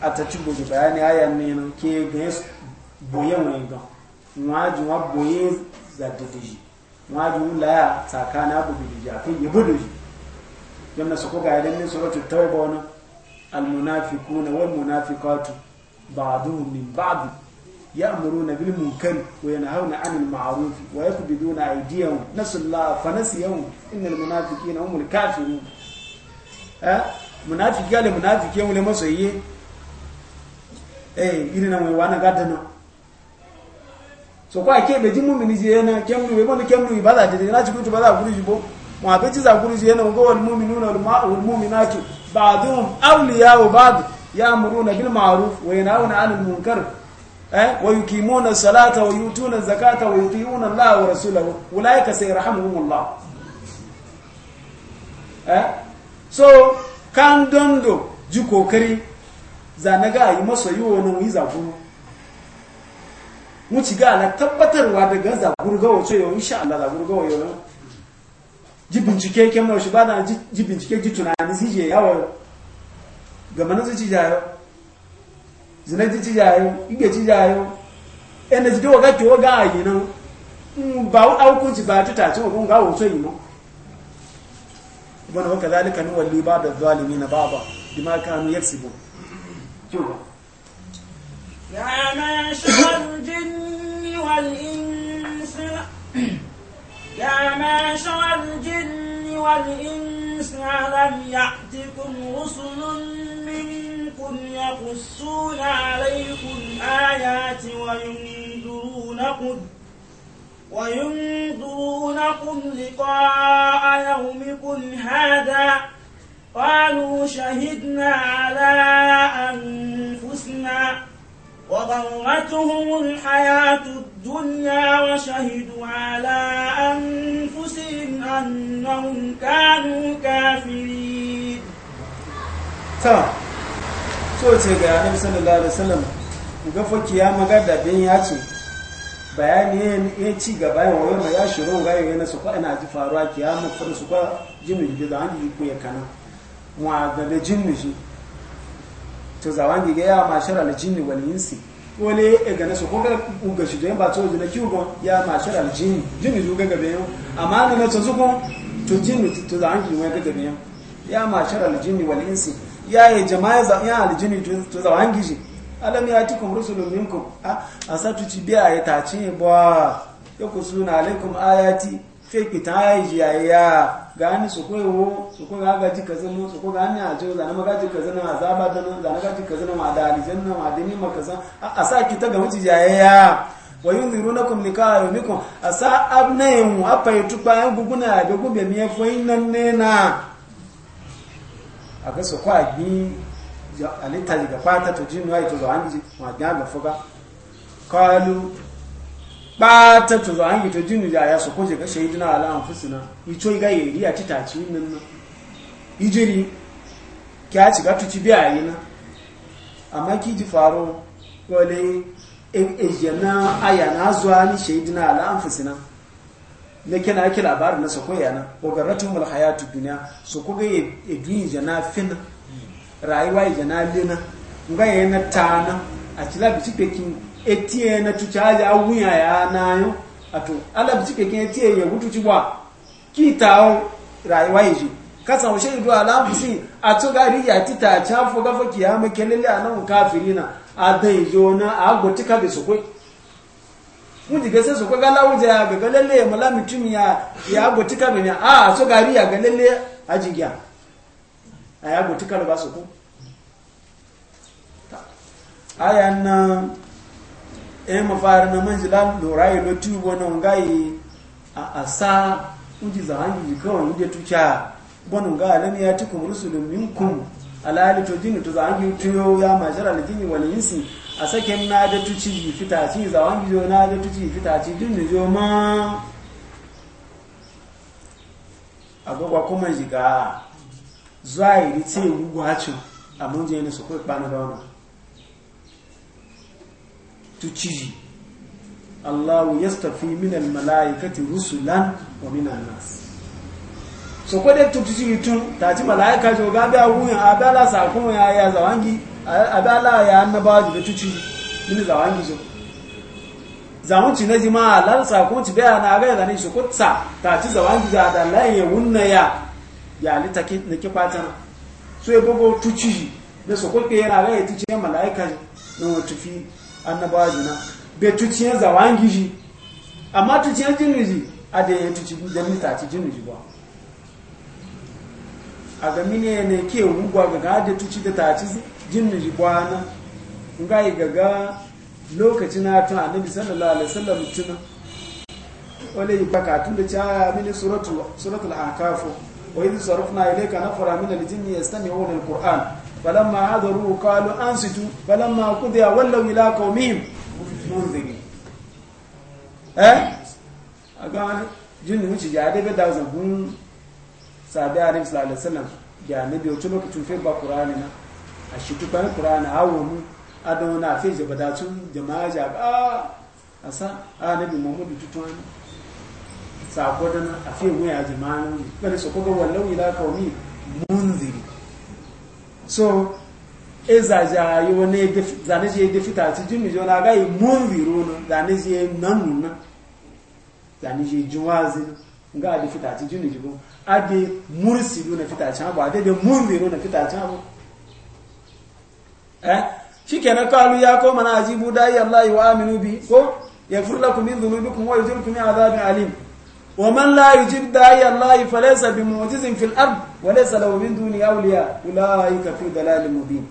a ta ci boji bayani aya ne na ke gaya boye wani ga waji wa boye za da daji waji wula ya tsakani abu bidiji a kan yabo daji yamna su ko ga yadda ne su rata ba wani almunafi المنافقون والمنافقات بعضهم من بعض يأمرون بالمنكر وينهون عن المعروف ويقبضون أيديهم نسوا الله فنسيهم إن المنافقين هم الكافرون ها منافق قال منافق يوم لما سيئ eh irin nan wani so kwa ke beji mumini je yana kemru we bona kemru ba za ta na cikin ba za guri jibo mu abe ci za guri yana go wal mu'minuna wal ma'ul mu'minatu ba'dhum awliya wa ba'd ya'muruna bil ma'ruf wa 'anil munkar eh wa salata wa yutuna zakata wa yuti'una Allah wa rasulahu ulaika sayarhamuhumullah eh so kan dondo ji kokari zanaga yi yi wani yi zaguru mu ci ga na tabbatarwa daga zaguru ga wace yau insha Allah zaguru ga yau ji bincike kemna shi ba na ji bincike ji tunani zije yawo ga manan zuci jayo zina ti cijayo igbe cijayo ene ti dowa gati oga yi na mm, ba aukun ci ba tuta ci ogun ga woso yi mo ibn wa kadhalika ni walli baba zalimin ba'da bima kanu yaksibu kiwa ya ma shal jinn wal insa ya ma shal jinn wal insa lam ya'tikum rusulun يقصون عليكم آيات وينذرونكم وينذرونكم لقاء يومكم هذا قالوا شهدنا على أنفسنا وغرتهم الحياة الدنيا وشهدوا على أنفسهم أنهم كانوا كافرين so ce ga yanar sallallahu alaihi wasallam ga fa ya ga da bin ya ce bayani ya ci gaba ya wayo ma ya shiro yana su kwa ina ji faruwa kiyama ko su kwa jimin ji da handi ku ya kana mu ga da jinni shi to wani ga ya shara da jinni wani yinsi wani ya gane su ko ga shi da ba to na kiwo ya shara da jinni jinni ju ga gabe amma na na to zuko to jinni to ya mai ga gabe ya mashara da jini wani yinsi Yaya jama'a za ya aljini to za wangi ji alam ya tikum rusulun minkum a asatu ci biya ya tace ba ya suna alaikum ayati fake ta yayi ya gani su koyo su ko ga gaji kazan su ko gani a jo zana magaji a azaba da nan zana gaji kazan ma da aljanna ma dini makazan a asaki ta ga muci jayayya wa yunzirunakum likaa yawmikum asa abnayu apa yitukpa guguna be gube miye foinan nena aga so kwa gi alita diga pata to jinu ai to zangi ma ganga foga kalu pata to zangi to jinu ya ya so koje ga shaidina ala anfusina icho iga yeri ati tachi nan ijeri kya ci ga tuci biya yi na amma ki ji faro wale ejiyana e aya na zuwa ni shaidina ala anfusina na kena yake labarin na sako yana ko garratun mul hayatu dunya so ko ga edwin jana fin rayuwa jana lena nga yana tana a cila bi cike kin etie na tuchaja awuya ya nayo ato ala bi cike kin etie ya gutu cibwa kitao rayuwa yi kasan washe ido ala fusi ato gari ya tita chafo gafo kiyama a anan kafirina a jona ka bi sokoi wuji ji sai su kwa gala wuji ya ga lalle mala mutum ya ya botika bin a ah, so gari ya ga lalle a jigiya a ya gotika ah, ba su ku aya na e fara na manjila lura yi lotu wani ngai a asa wuji za hangi kawai cha bo wani ga alam ya tukum rusulun minkum alali to tu to za hangi tu ya majara aljini wal insi a sake na da tuci fita ci zawon gizo na da tuci fita ci dun ni jo ma agogwa kuma jiga zuwa iri ce gugwacu a mun je ni su kai kpanu da wannan tuci Allahu ya stafi al-mala'ikati rusulan wa min an-nas so ko da tuci tun ta ci mala'ika jo ga ba wuyan abala sakun ya ya zawangi abi Allah ya annabawa da tuci mini zawan gizo zamun ci na jima lal sa ko ci biya na ga zanin su kutsa ta ci zawan gizo da Allah ya wunna ya ya li na ne ke fatan so ya gogo tuci da so ko ke yana ga ya tuci ya malaika ne wa tufi annabawa jina be tuci ya zawan gizo amma tuci ya jinriji a da ya tuci da ni ta ci jinriji ba a ga mine ne ke wugwa ga ga da tuci da ta ci jinni ji kwana nga yi gaga lokaci na tun annabi sallallahu alaihi wasallam tuna wale yi baka tun da ca ah, mini suratul suratul akafu wa idh sarafna ilayka nafara min al-jinni yastami'una al-qur'an falamma hadaru qalu ansitu falamma qudiya wallaw ila qaumihim munziri eh aga jinni wuce ya da da zagun sabi annabi sallallahu alaihi wasallam ya nabi tun lokacin fa ba qur'ani na a shi tukar kurana hawo mu adon na fi jaba da tun jama'a ja ba a sa a nabi muhammadu tutuwani sako dana a fi wuya jama'a ne bari su kuka wallau ila kaumi munziri so eza zaja yi wani zane je da fita ci jin mijo na yi munziro na zane je nan nuna zane je juwazi ga da fita ci jin mijo a de mursilu na fita can abu a de munziro na fita can abu eh shikenan kalu ya ko mana ajibu da'i Allah wa aminu bi ko yaghfir lakum min dhunubikum wa yuzilkum min adhabin alim wa man la yujib da'i Allah falaysa bimu'jizin fil ard wa laysa lahu min duni awliya ulaika fi dalalin mubin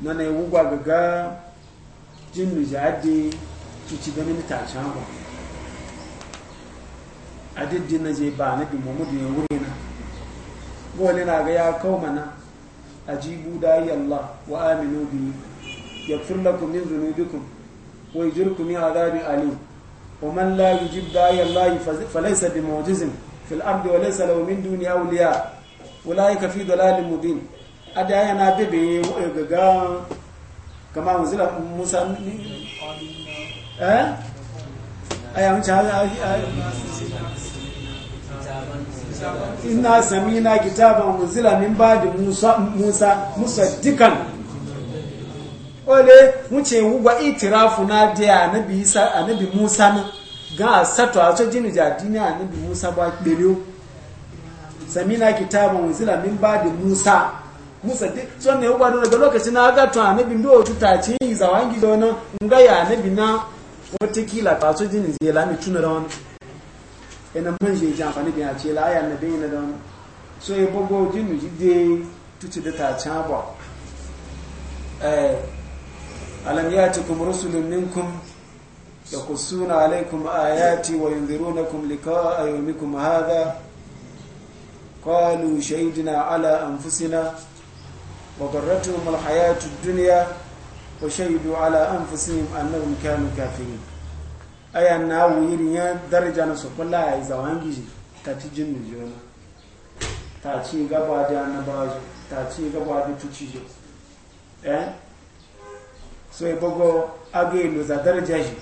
nana yi wugwa gaga jin nujade cuci ganin tashen ba a diddin na je ba na bi mu mudu yin wuri gole na ga ya kaumana ajibu da'i Allah wa aminu biyu. Ya yaghfir ku min zunubikun. Wai yujirkum min adhabin alim wa man la yujib da'i Allah falaysa bimujizin fil ardi wa laysa lahu min duni awliya ulaika fi dalalin mubin adaya na bebe e gaga kama unzila Musa eh aya mun ta inna samina kitaban unzila min ba'di musa musa musaddikan ole muce wugwa itirafu na dia anabi isa anabi musa na ga sato aso jinu jadini anabi musa ba gbelio samina kitaban unzila min ba'di musa musa de so ne wugwa don lokaci na ga to anabi ndo tuta ci zawangi don nga ya anabi na wata kila ta so jinu zai lami tunaron ina mun je ji amfani da ya ce la ya nabi na don so ya e bugo jinu ji de tuti da ta ca ba eh alam yatikum rusulun minkum yaqussuna alaykum ayati wa yunzirunakum liqa'a yawmikum hadha qalu shahidna ala anfusina wa garratuhum alhayatu ad-dunya wa shahidu ala anfusihim annahum kanu kafirin aya na wu irin ya daraja na su kula ya yi zawon gizi ta ci jin da jona ta ci gaba da annabawa ta ci gaba da tuci jo eh so ya bago aga ilo za daraja shi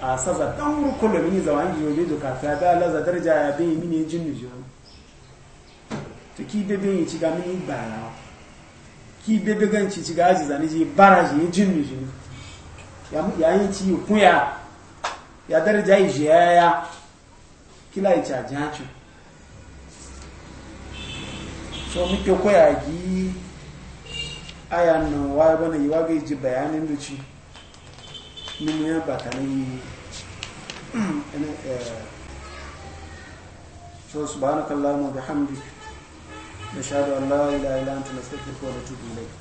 a sasa dan rukulo mini zawon gizi ne ka ta da la za daraja ya bin mini jin da jona to ki bebe yi ci ga mini bara ki bebe ganci ci ci ga aji zani ji bara ji jin da ya yi ci ku ya ya daraja ya kila ita jacu so muke koya gi ayan nan wa bana yi ga ji bayanin duci ci mun ya ba ta nan [CLEARS THROAT] eh. so subhanaka allahumma bihamdik nashhadu an la ilaha illa anta nastaghfiruka wa natubu ilayk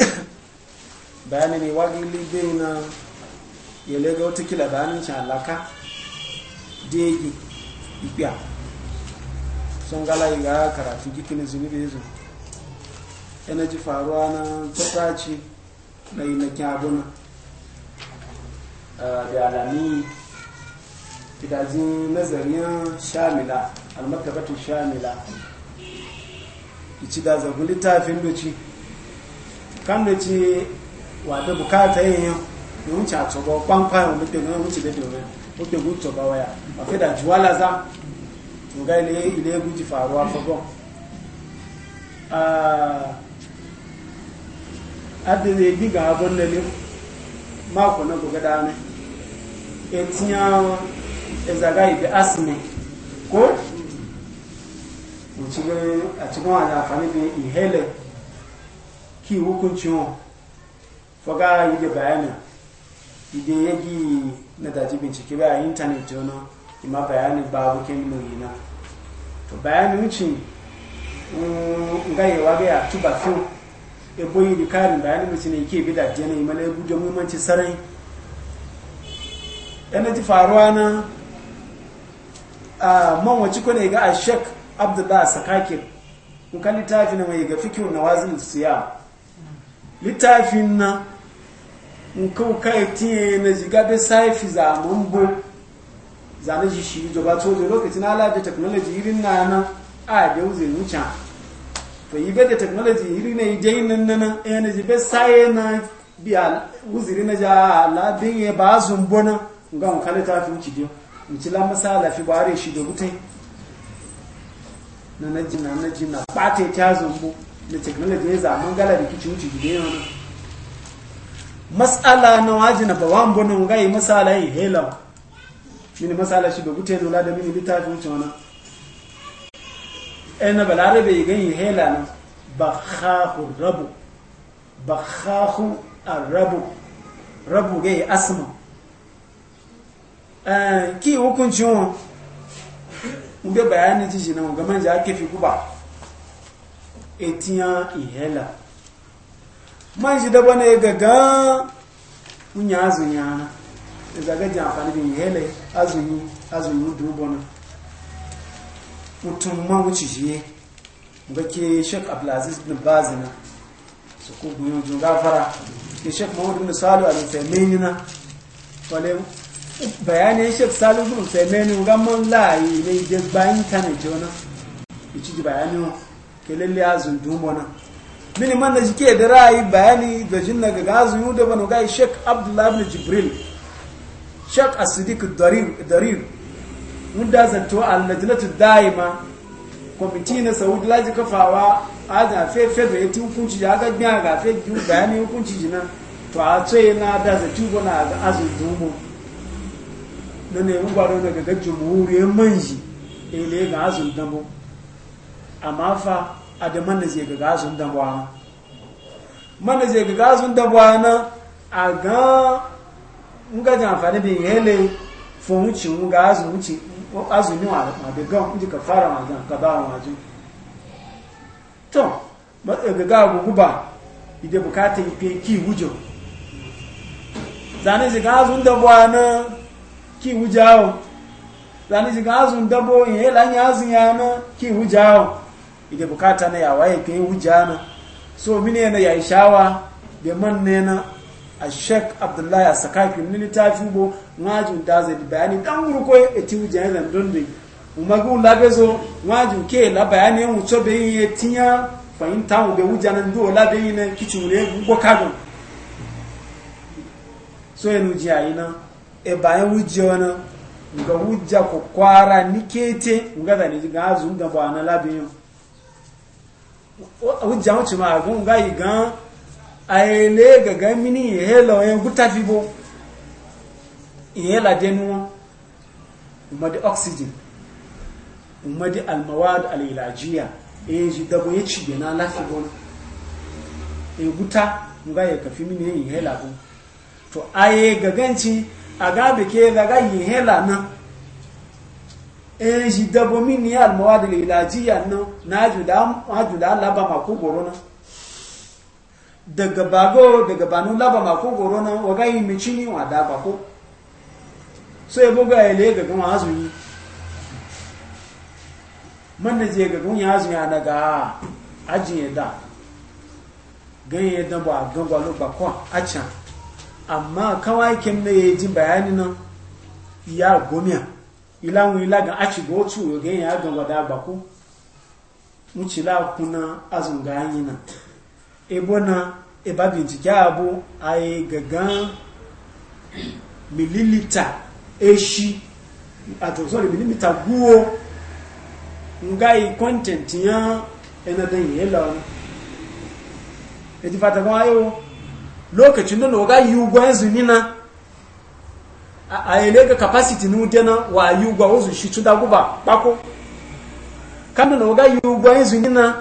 [CLEARS THROAT] bayanin ne waga libe na ya lega wata kila bayanin shi alaka da ya yi sun gala yi ga karatu gikin zunubi yanzu. yana ji faruwa na tattaci na yi na kyabuna ah, da alami gidajen nazarin shamila almakabatun shamila ici da zagun littafin doci kan doci wata bukata yin yau yòówù tí a tọ̀ bọ̀ pampa yòówù tí gbẹ̀gbẹ̀ yòówù tí ó gbẹ̀gbẹ̀ tọ̀ wáyà àfẹ́dà jù wá lásán ògá ilé ilé egwu ti fà afọ́bọ̀ adịghị ebi ga-abụ nnele makwụ na gogada anyị etinye ahụ ezaga ibe asịmị ko achịkwa anyị afani bi ihele ka iwu kunci hụ fọga yi da idan ya gi na daji bincike ba a intanet jona ima bayani babu ken noyi na to bayani wucin mm, nga yi wa ga ya tuba fi. ebo yi rikarin bayani mutum ne ke bida jana ima na ebu jan muhimmanci sarai yana ji faruwa na a manwaci kone ga a shek abdullahi sakakir in ka littafi na mai ga fikir na siya littafin na nkan kai tiye na jiga be saifi za mun bu za ah, na ji shi joba to da lokacin ala da irin na na a da uze nucha to yi be da technology irin ne dai nan nan yana ji be sai na biya uziri na ja ala bin ye ba zun bona ga mun kale ta fi uci dio mu ci la masala fi bare shi da gutai na na jina na jina pate ta zumbu da technology ya zaman gala da kici uci dio na masala na wajina ba wambo na ngai masala yi hela mini masala shi gute no lada mini litafi wuce wana ena balarabe gan e, e yi hela na bakhahu rabu Ba bakhahu a rabu rabu gai asma ki hukunci wọn mbe bayanin jiji na ga manja ake fi guba etiyan ihela man shi daba ne gaga mun ya azun yana da zaga ji amfani da hele azun azun dubo na mutum ma wuce shi ga ke shek abdulaziz bin bazina su ko gunyo jun gafara ke shek mahmud bin salu al meni na wale bayanin shek salu bin uthaymeen ga mun layi ne je bayan tanaje wannan ichi ji bayanin kelele azun dubo na mini man da jike da ra'ayi bayani da jinna ga gazu yu da bano gai Sheikh Abdullah ibn Jibril Sheikh As-Siddiq Darir Darir mun da zanto al-Najlatu Daima kwamiti na Saudi laji kafawa a da fe fe da yati hukunci ya ga gina ga fe ju bayani hukunci jina to a ce na da za tubo na ga azu dumo na ne mun gwaro daga ga jumhuriyar manji ele ga azu damo amma fa a da mana zai gaga sun da bwana mana zai gaga sun da bwana a ga nga jan fani bi hele fun wuce mu ga azu wuce azu ni wa ma da ga mu ka fara ma jan ka ba ma ji to ba e ga go guba ide bukata ipe ki wujo zane zai ga azu da bwana ki wujawo zane zai ga azu da bo in hele an ya azu ya na ki wujawo ida bukata na yawa ya kai wujana so mine na yayi shawa da man ne na a sheik abdullahi a sakaki ni littafi bo ngajin da zai bayani dan ko eti ti wujana zan don dai umagu labezo ngajin ke la bayani ya mutso be yi tinya fahimta mu be wujana ndo la be yi ne kichu ne go kago so enu ji ayi na e bayan wujana ga wujja ko kwara nikete ngaza ni ga azu ga bana labiyo hujja wuce ma gun gayi gan ayele gaga mini ihela onye guta fibo ihela denuwa umadi oxygen umadi almawad alilajiya e ji dabo ya ci na bo. e guta ngayi kafi mini ihela gun to aye gaganci a gabe ke gaga ihela na e ji dabo mini almawadi lilajiya nan na ajuda laba makogoro nan daga bago daga banu laba makogoro nan waga yi mici wa da bako so ya buga ya le gagan wazu yi man da je gagan ya zu ya daga ajiye da ganye dan ba gangwa lo bakon acan amma kawai kin ne ji bayani nan ya gomiya ilawun ilaga aci ga otu yoga yin aga wada baku mucila kuna azun ga na ebo na eba bincike abu a yi mililita eshi a sorry mililita guo nga yi content ya enadan yi ila wani eti fata kama ayo lokacin da na oga yi ugwa yanzu nina a ayelega capacity nudena wa yugwa ozu shituda guba bako kando na waga yugwa izu nina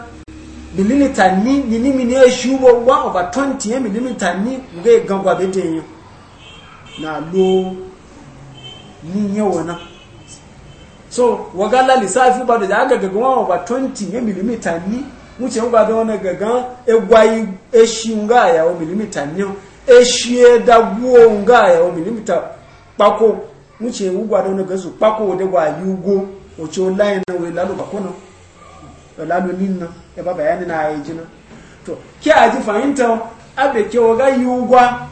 milimita ni nini mini eshubo wa over 20 ya milimita ni muge gangwa bete yin na lo ni yawana so waga la lisafi ba da aga gaga wa over 20 ya milimita ni muce ngwa da wona gaga egwa eshi nga ya o milimita ni eshi edagwo nga ya o milimita kpako wuce wugwa da wani gazu kpako wadda gwa yi ugo wace layin na wai lalu bakuna lalu na, e ya ba bayani na ayi e jina to ki a ji fahimta abe ke waga yi ugwa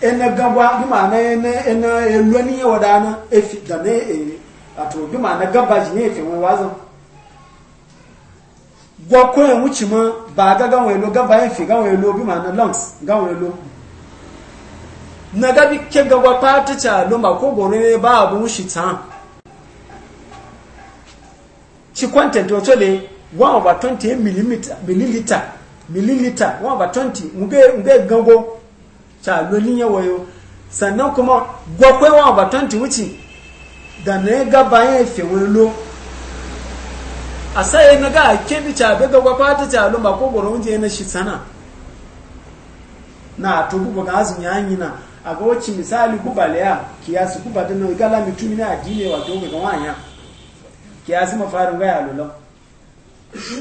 ene gaba bi ma na ene ene elu ni yawa da na efi da ne e ato bi ma na gaba ji ne efi wani wazan gwa koyan wuce ma ba ga ganwa elo gaba e fi efi ganwa elo bi ma na lungs ga ganwa elo na gabi ga gaba fata ca luma ko gori ne ba abun shi ta ci content wato le 1 over 20 milliliter milliliter 1 over 20 nge gango ca lolin wayo sannan kuma gwakwai 1 over 20 wuce da na ya gaba ya fi wulo a sai na ga kebi ca bai gaba fata ca luma ko gori wunje na shi sana na to buga azumi hanyina aga wacce misali gubalaya kiyasi gubata na igala mitumi na adine wato ga wanya kiyasi mafarin ga yalolo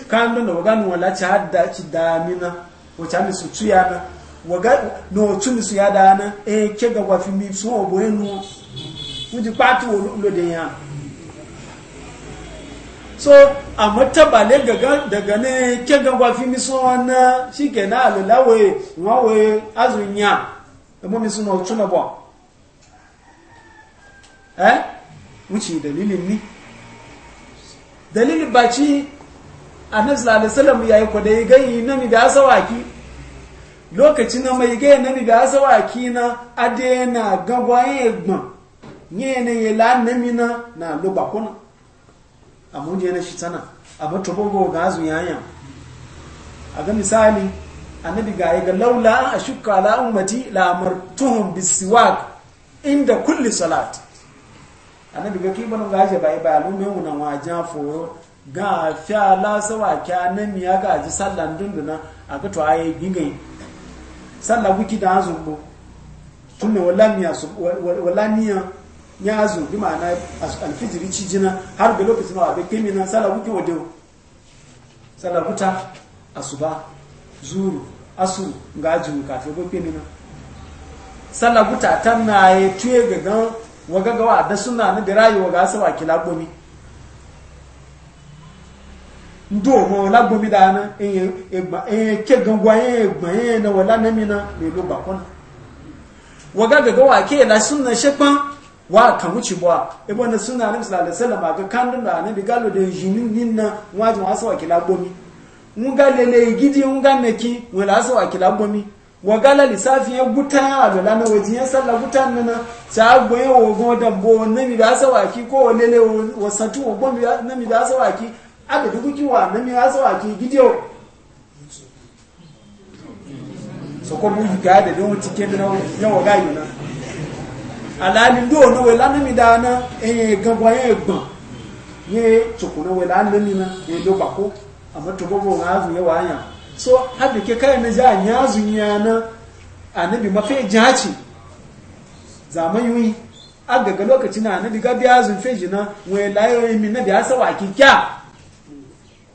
kando na waga wala ci hadda ci damina wacce su tuyana waga no tumi su yadana e ke ga wafi mi so obo enu uji patu lo de ya so a matabale daga ne ke ga wafi mi so na shikenan alulawe wawe azunya ebo mi sun otu na bo eh wuce dalili ni dalilin baci annabi sallallahu alaihi yi yayi ko da yayi nani da ki lokaci na mai gaya nani da asawaki na ade na gagwaye egbon nye ne yela nami na na lugba kuna amma na shi tana amma to bogo ga azu yanya a ga misali annabi ga ga laula a shuka la ummati la amartuhum bisiwak inda kulli salat annabi ga ki banu gaje bai bai alume mu na wajen foyo ga fiya la sawa kya nan mi ga ji sallan dunduna a ka to ayi gingai sallan wiki da azumbo tun wallamiya wallamiya ya azu bi ma'ana alfijiri cijina har da lokacin da abe kemina sallan wiki wadew sallan kuta asuba zuru asu ga ajin kafe gobe mina sallah buta tan na ye tuye gagan wa gawa da suna ni da rayuwa ga sawa kila gomi ndo mo la gomi da na e e ke gangwa e gba e na wala na mina le lo ba kona waga ga wa ke na suna shepan wa kan wuce ba e bona sunna nabi sallallahu alaihi wasallam ga kan da nabi galo da jinin ninna wa wasawa kila gomi nga lele igidi nga neki wala so akila bomi wagala lisafin ya guta ya wala na wajin ya sallah guta nana ta gwe ogo da bo na mi ba sawaki ko lele wasatu ogo mi na mi ba sawaki abe duku wa na mi ba sawaki gidi o so ko bu ga da don tike da yawa ga yuna alali ndo no wala na mi dana eh gagwa ya egbon ye tukuna wala na mi na e do bako amma to gogo azu ya wanya so habi ke kai na ja nya zunya na annabi mafi jaci zaman yi aga ga lokaci na annabi ga biya zun feji na wai yi min na biya sawa ki kya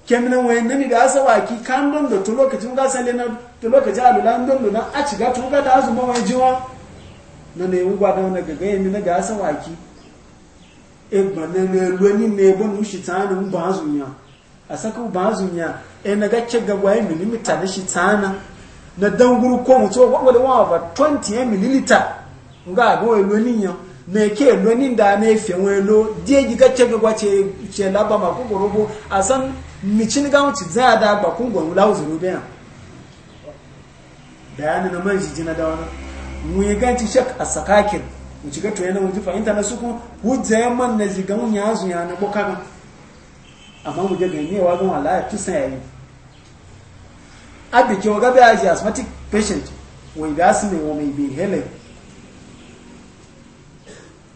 keminan wai na mi biya sawa ki kan don da to lokacin ga sale na to lokacin alulan don na a ciga to ga da azu ma wai jiwa na ne ugwa da na gaga yi na biya sawa ki e gbanan ne loni ne bonu mushi tanu ba ya. a saka ba e eh, na ga ce gagwa ya milimita da shi tsana na danguru ko mutu wa wadda wa ba 20 ya mililita ga ga wa lonin yan na ke ni da na efe wa lo die gi ga ce gagwa ce ce laba ma ko robo a san micin ga mutu za da ba kun gonu lawo zuru bayan bayanin na man jijina da wani mu yi ganci shak a sakakin mu ci ga to yana mu ji fahimta na suku hujja man na zigan ya zuya na bokagan amma mu ga ganye wa don Allah ya tusa yayi abi ke ga ba asthmatic patient wai ga su ne wa bi hele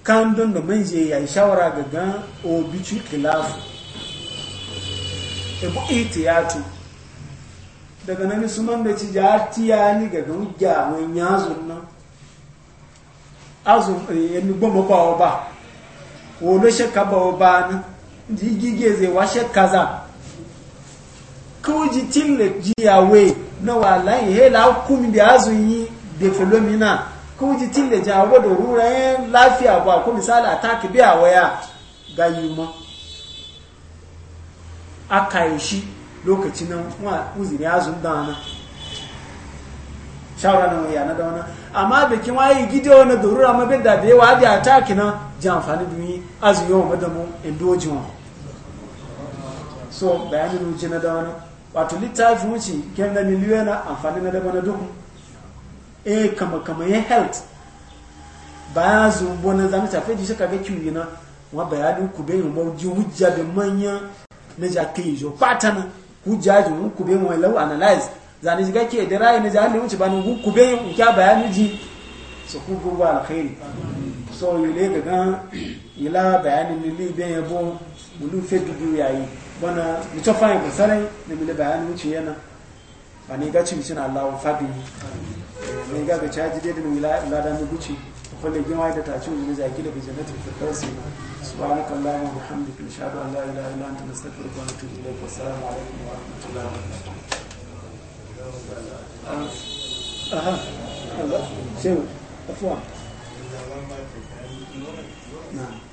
kan don da mun je yayi shawara ga gan obici khilafu e bu itiyatu e daga nan su man da ci ja tiya ni ga gan ja mun yazun nan azun e eh, ni gbomo ba oba wo lo se ka ba oba na geze washe kaza kuji tille jiyawe na wallahi hela hukumi bi azun yi developmina kuji tille jawo da ruren lafiya ba ko misali attack bi a waya ga yuma aka yi shi lokacin nan wa uzuri azun dana shawara na ya na dauna amma bikin waye gidi wani durura mabin da bai wa da attack na ji amfani duni azun yawan madamu indojin wa so bayanin wuce na da wani wato littafi wuce kyan da miliyona na amfani na dama na duhu e kama kama ya health baya zumbo na zami tafai ji shaka ga kiwi na wa bayanin ku bai yin bauji hujja da manya na jaka yi jo patana hujja ji mu ku bai mu lau analyze zane ji gake da rayu na jihar lewuce ba ni ku bai yin bayani ji su ku gurba alkhairi so yule ga la bayanin lili bayan yabo bulu fe dubu yayi bana mutum fa yana ba ne na ne ga haji da mila ladan da guci gima da taci wani zaki da bijanatin firdausi subhanaka allahumma wa bihamdika nashhadu an la ilaha illa anta wa ilayk wa assalamu wa rahmatullahi wa barakatuh aha Allah afwan na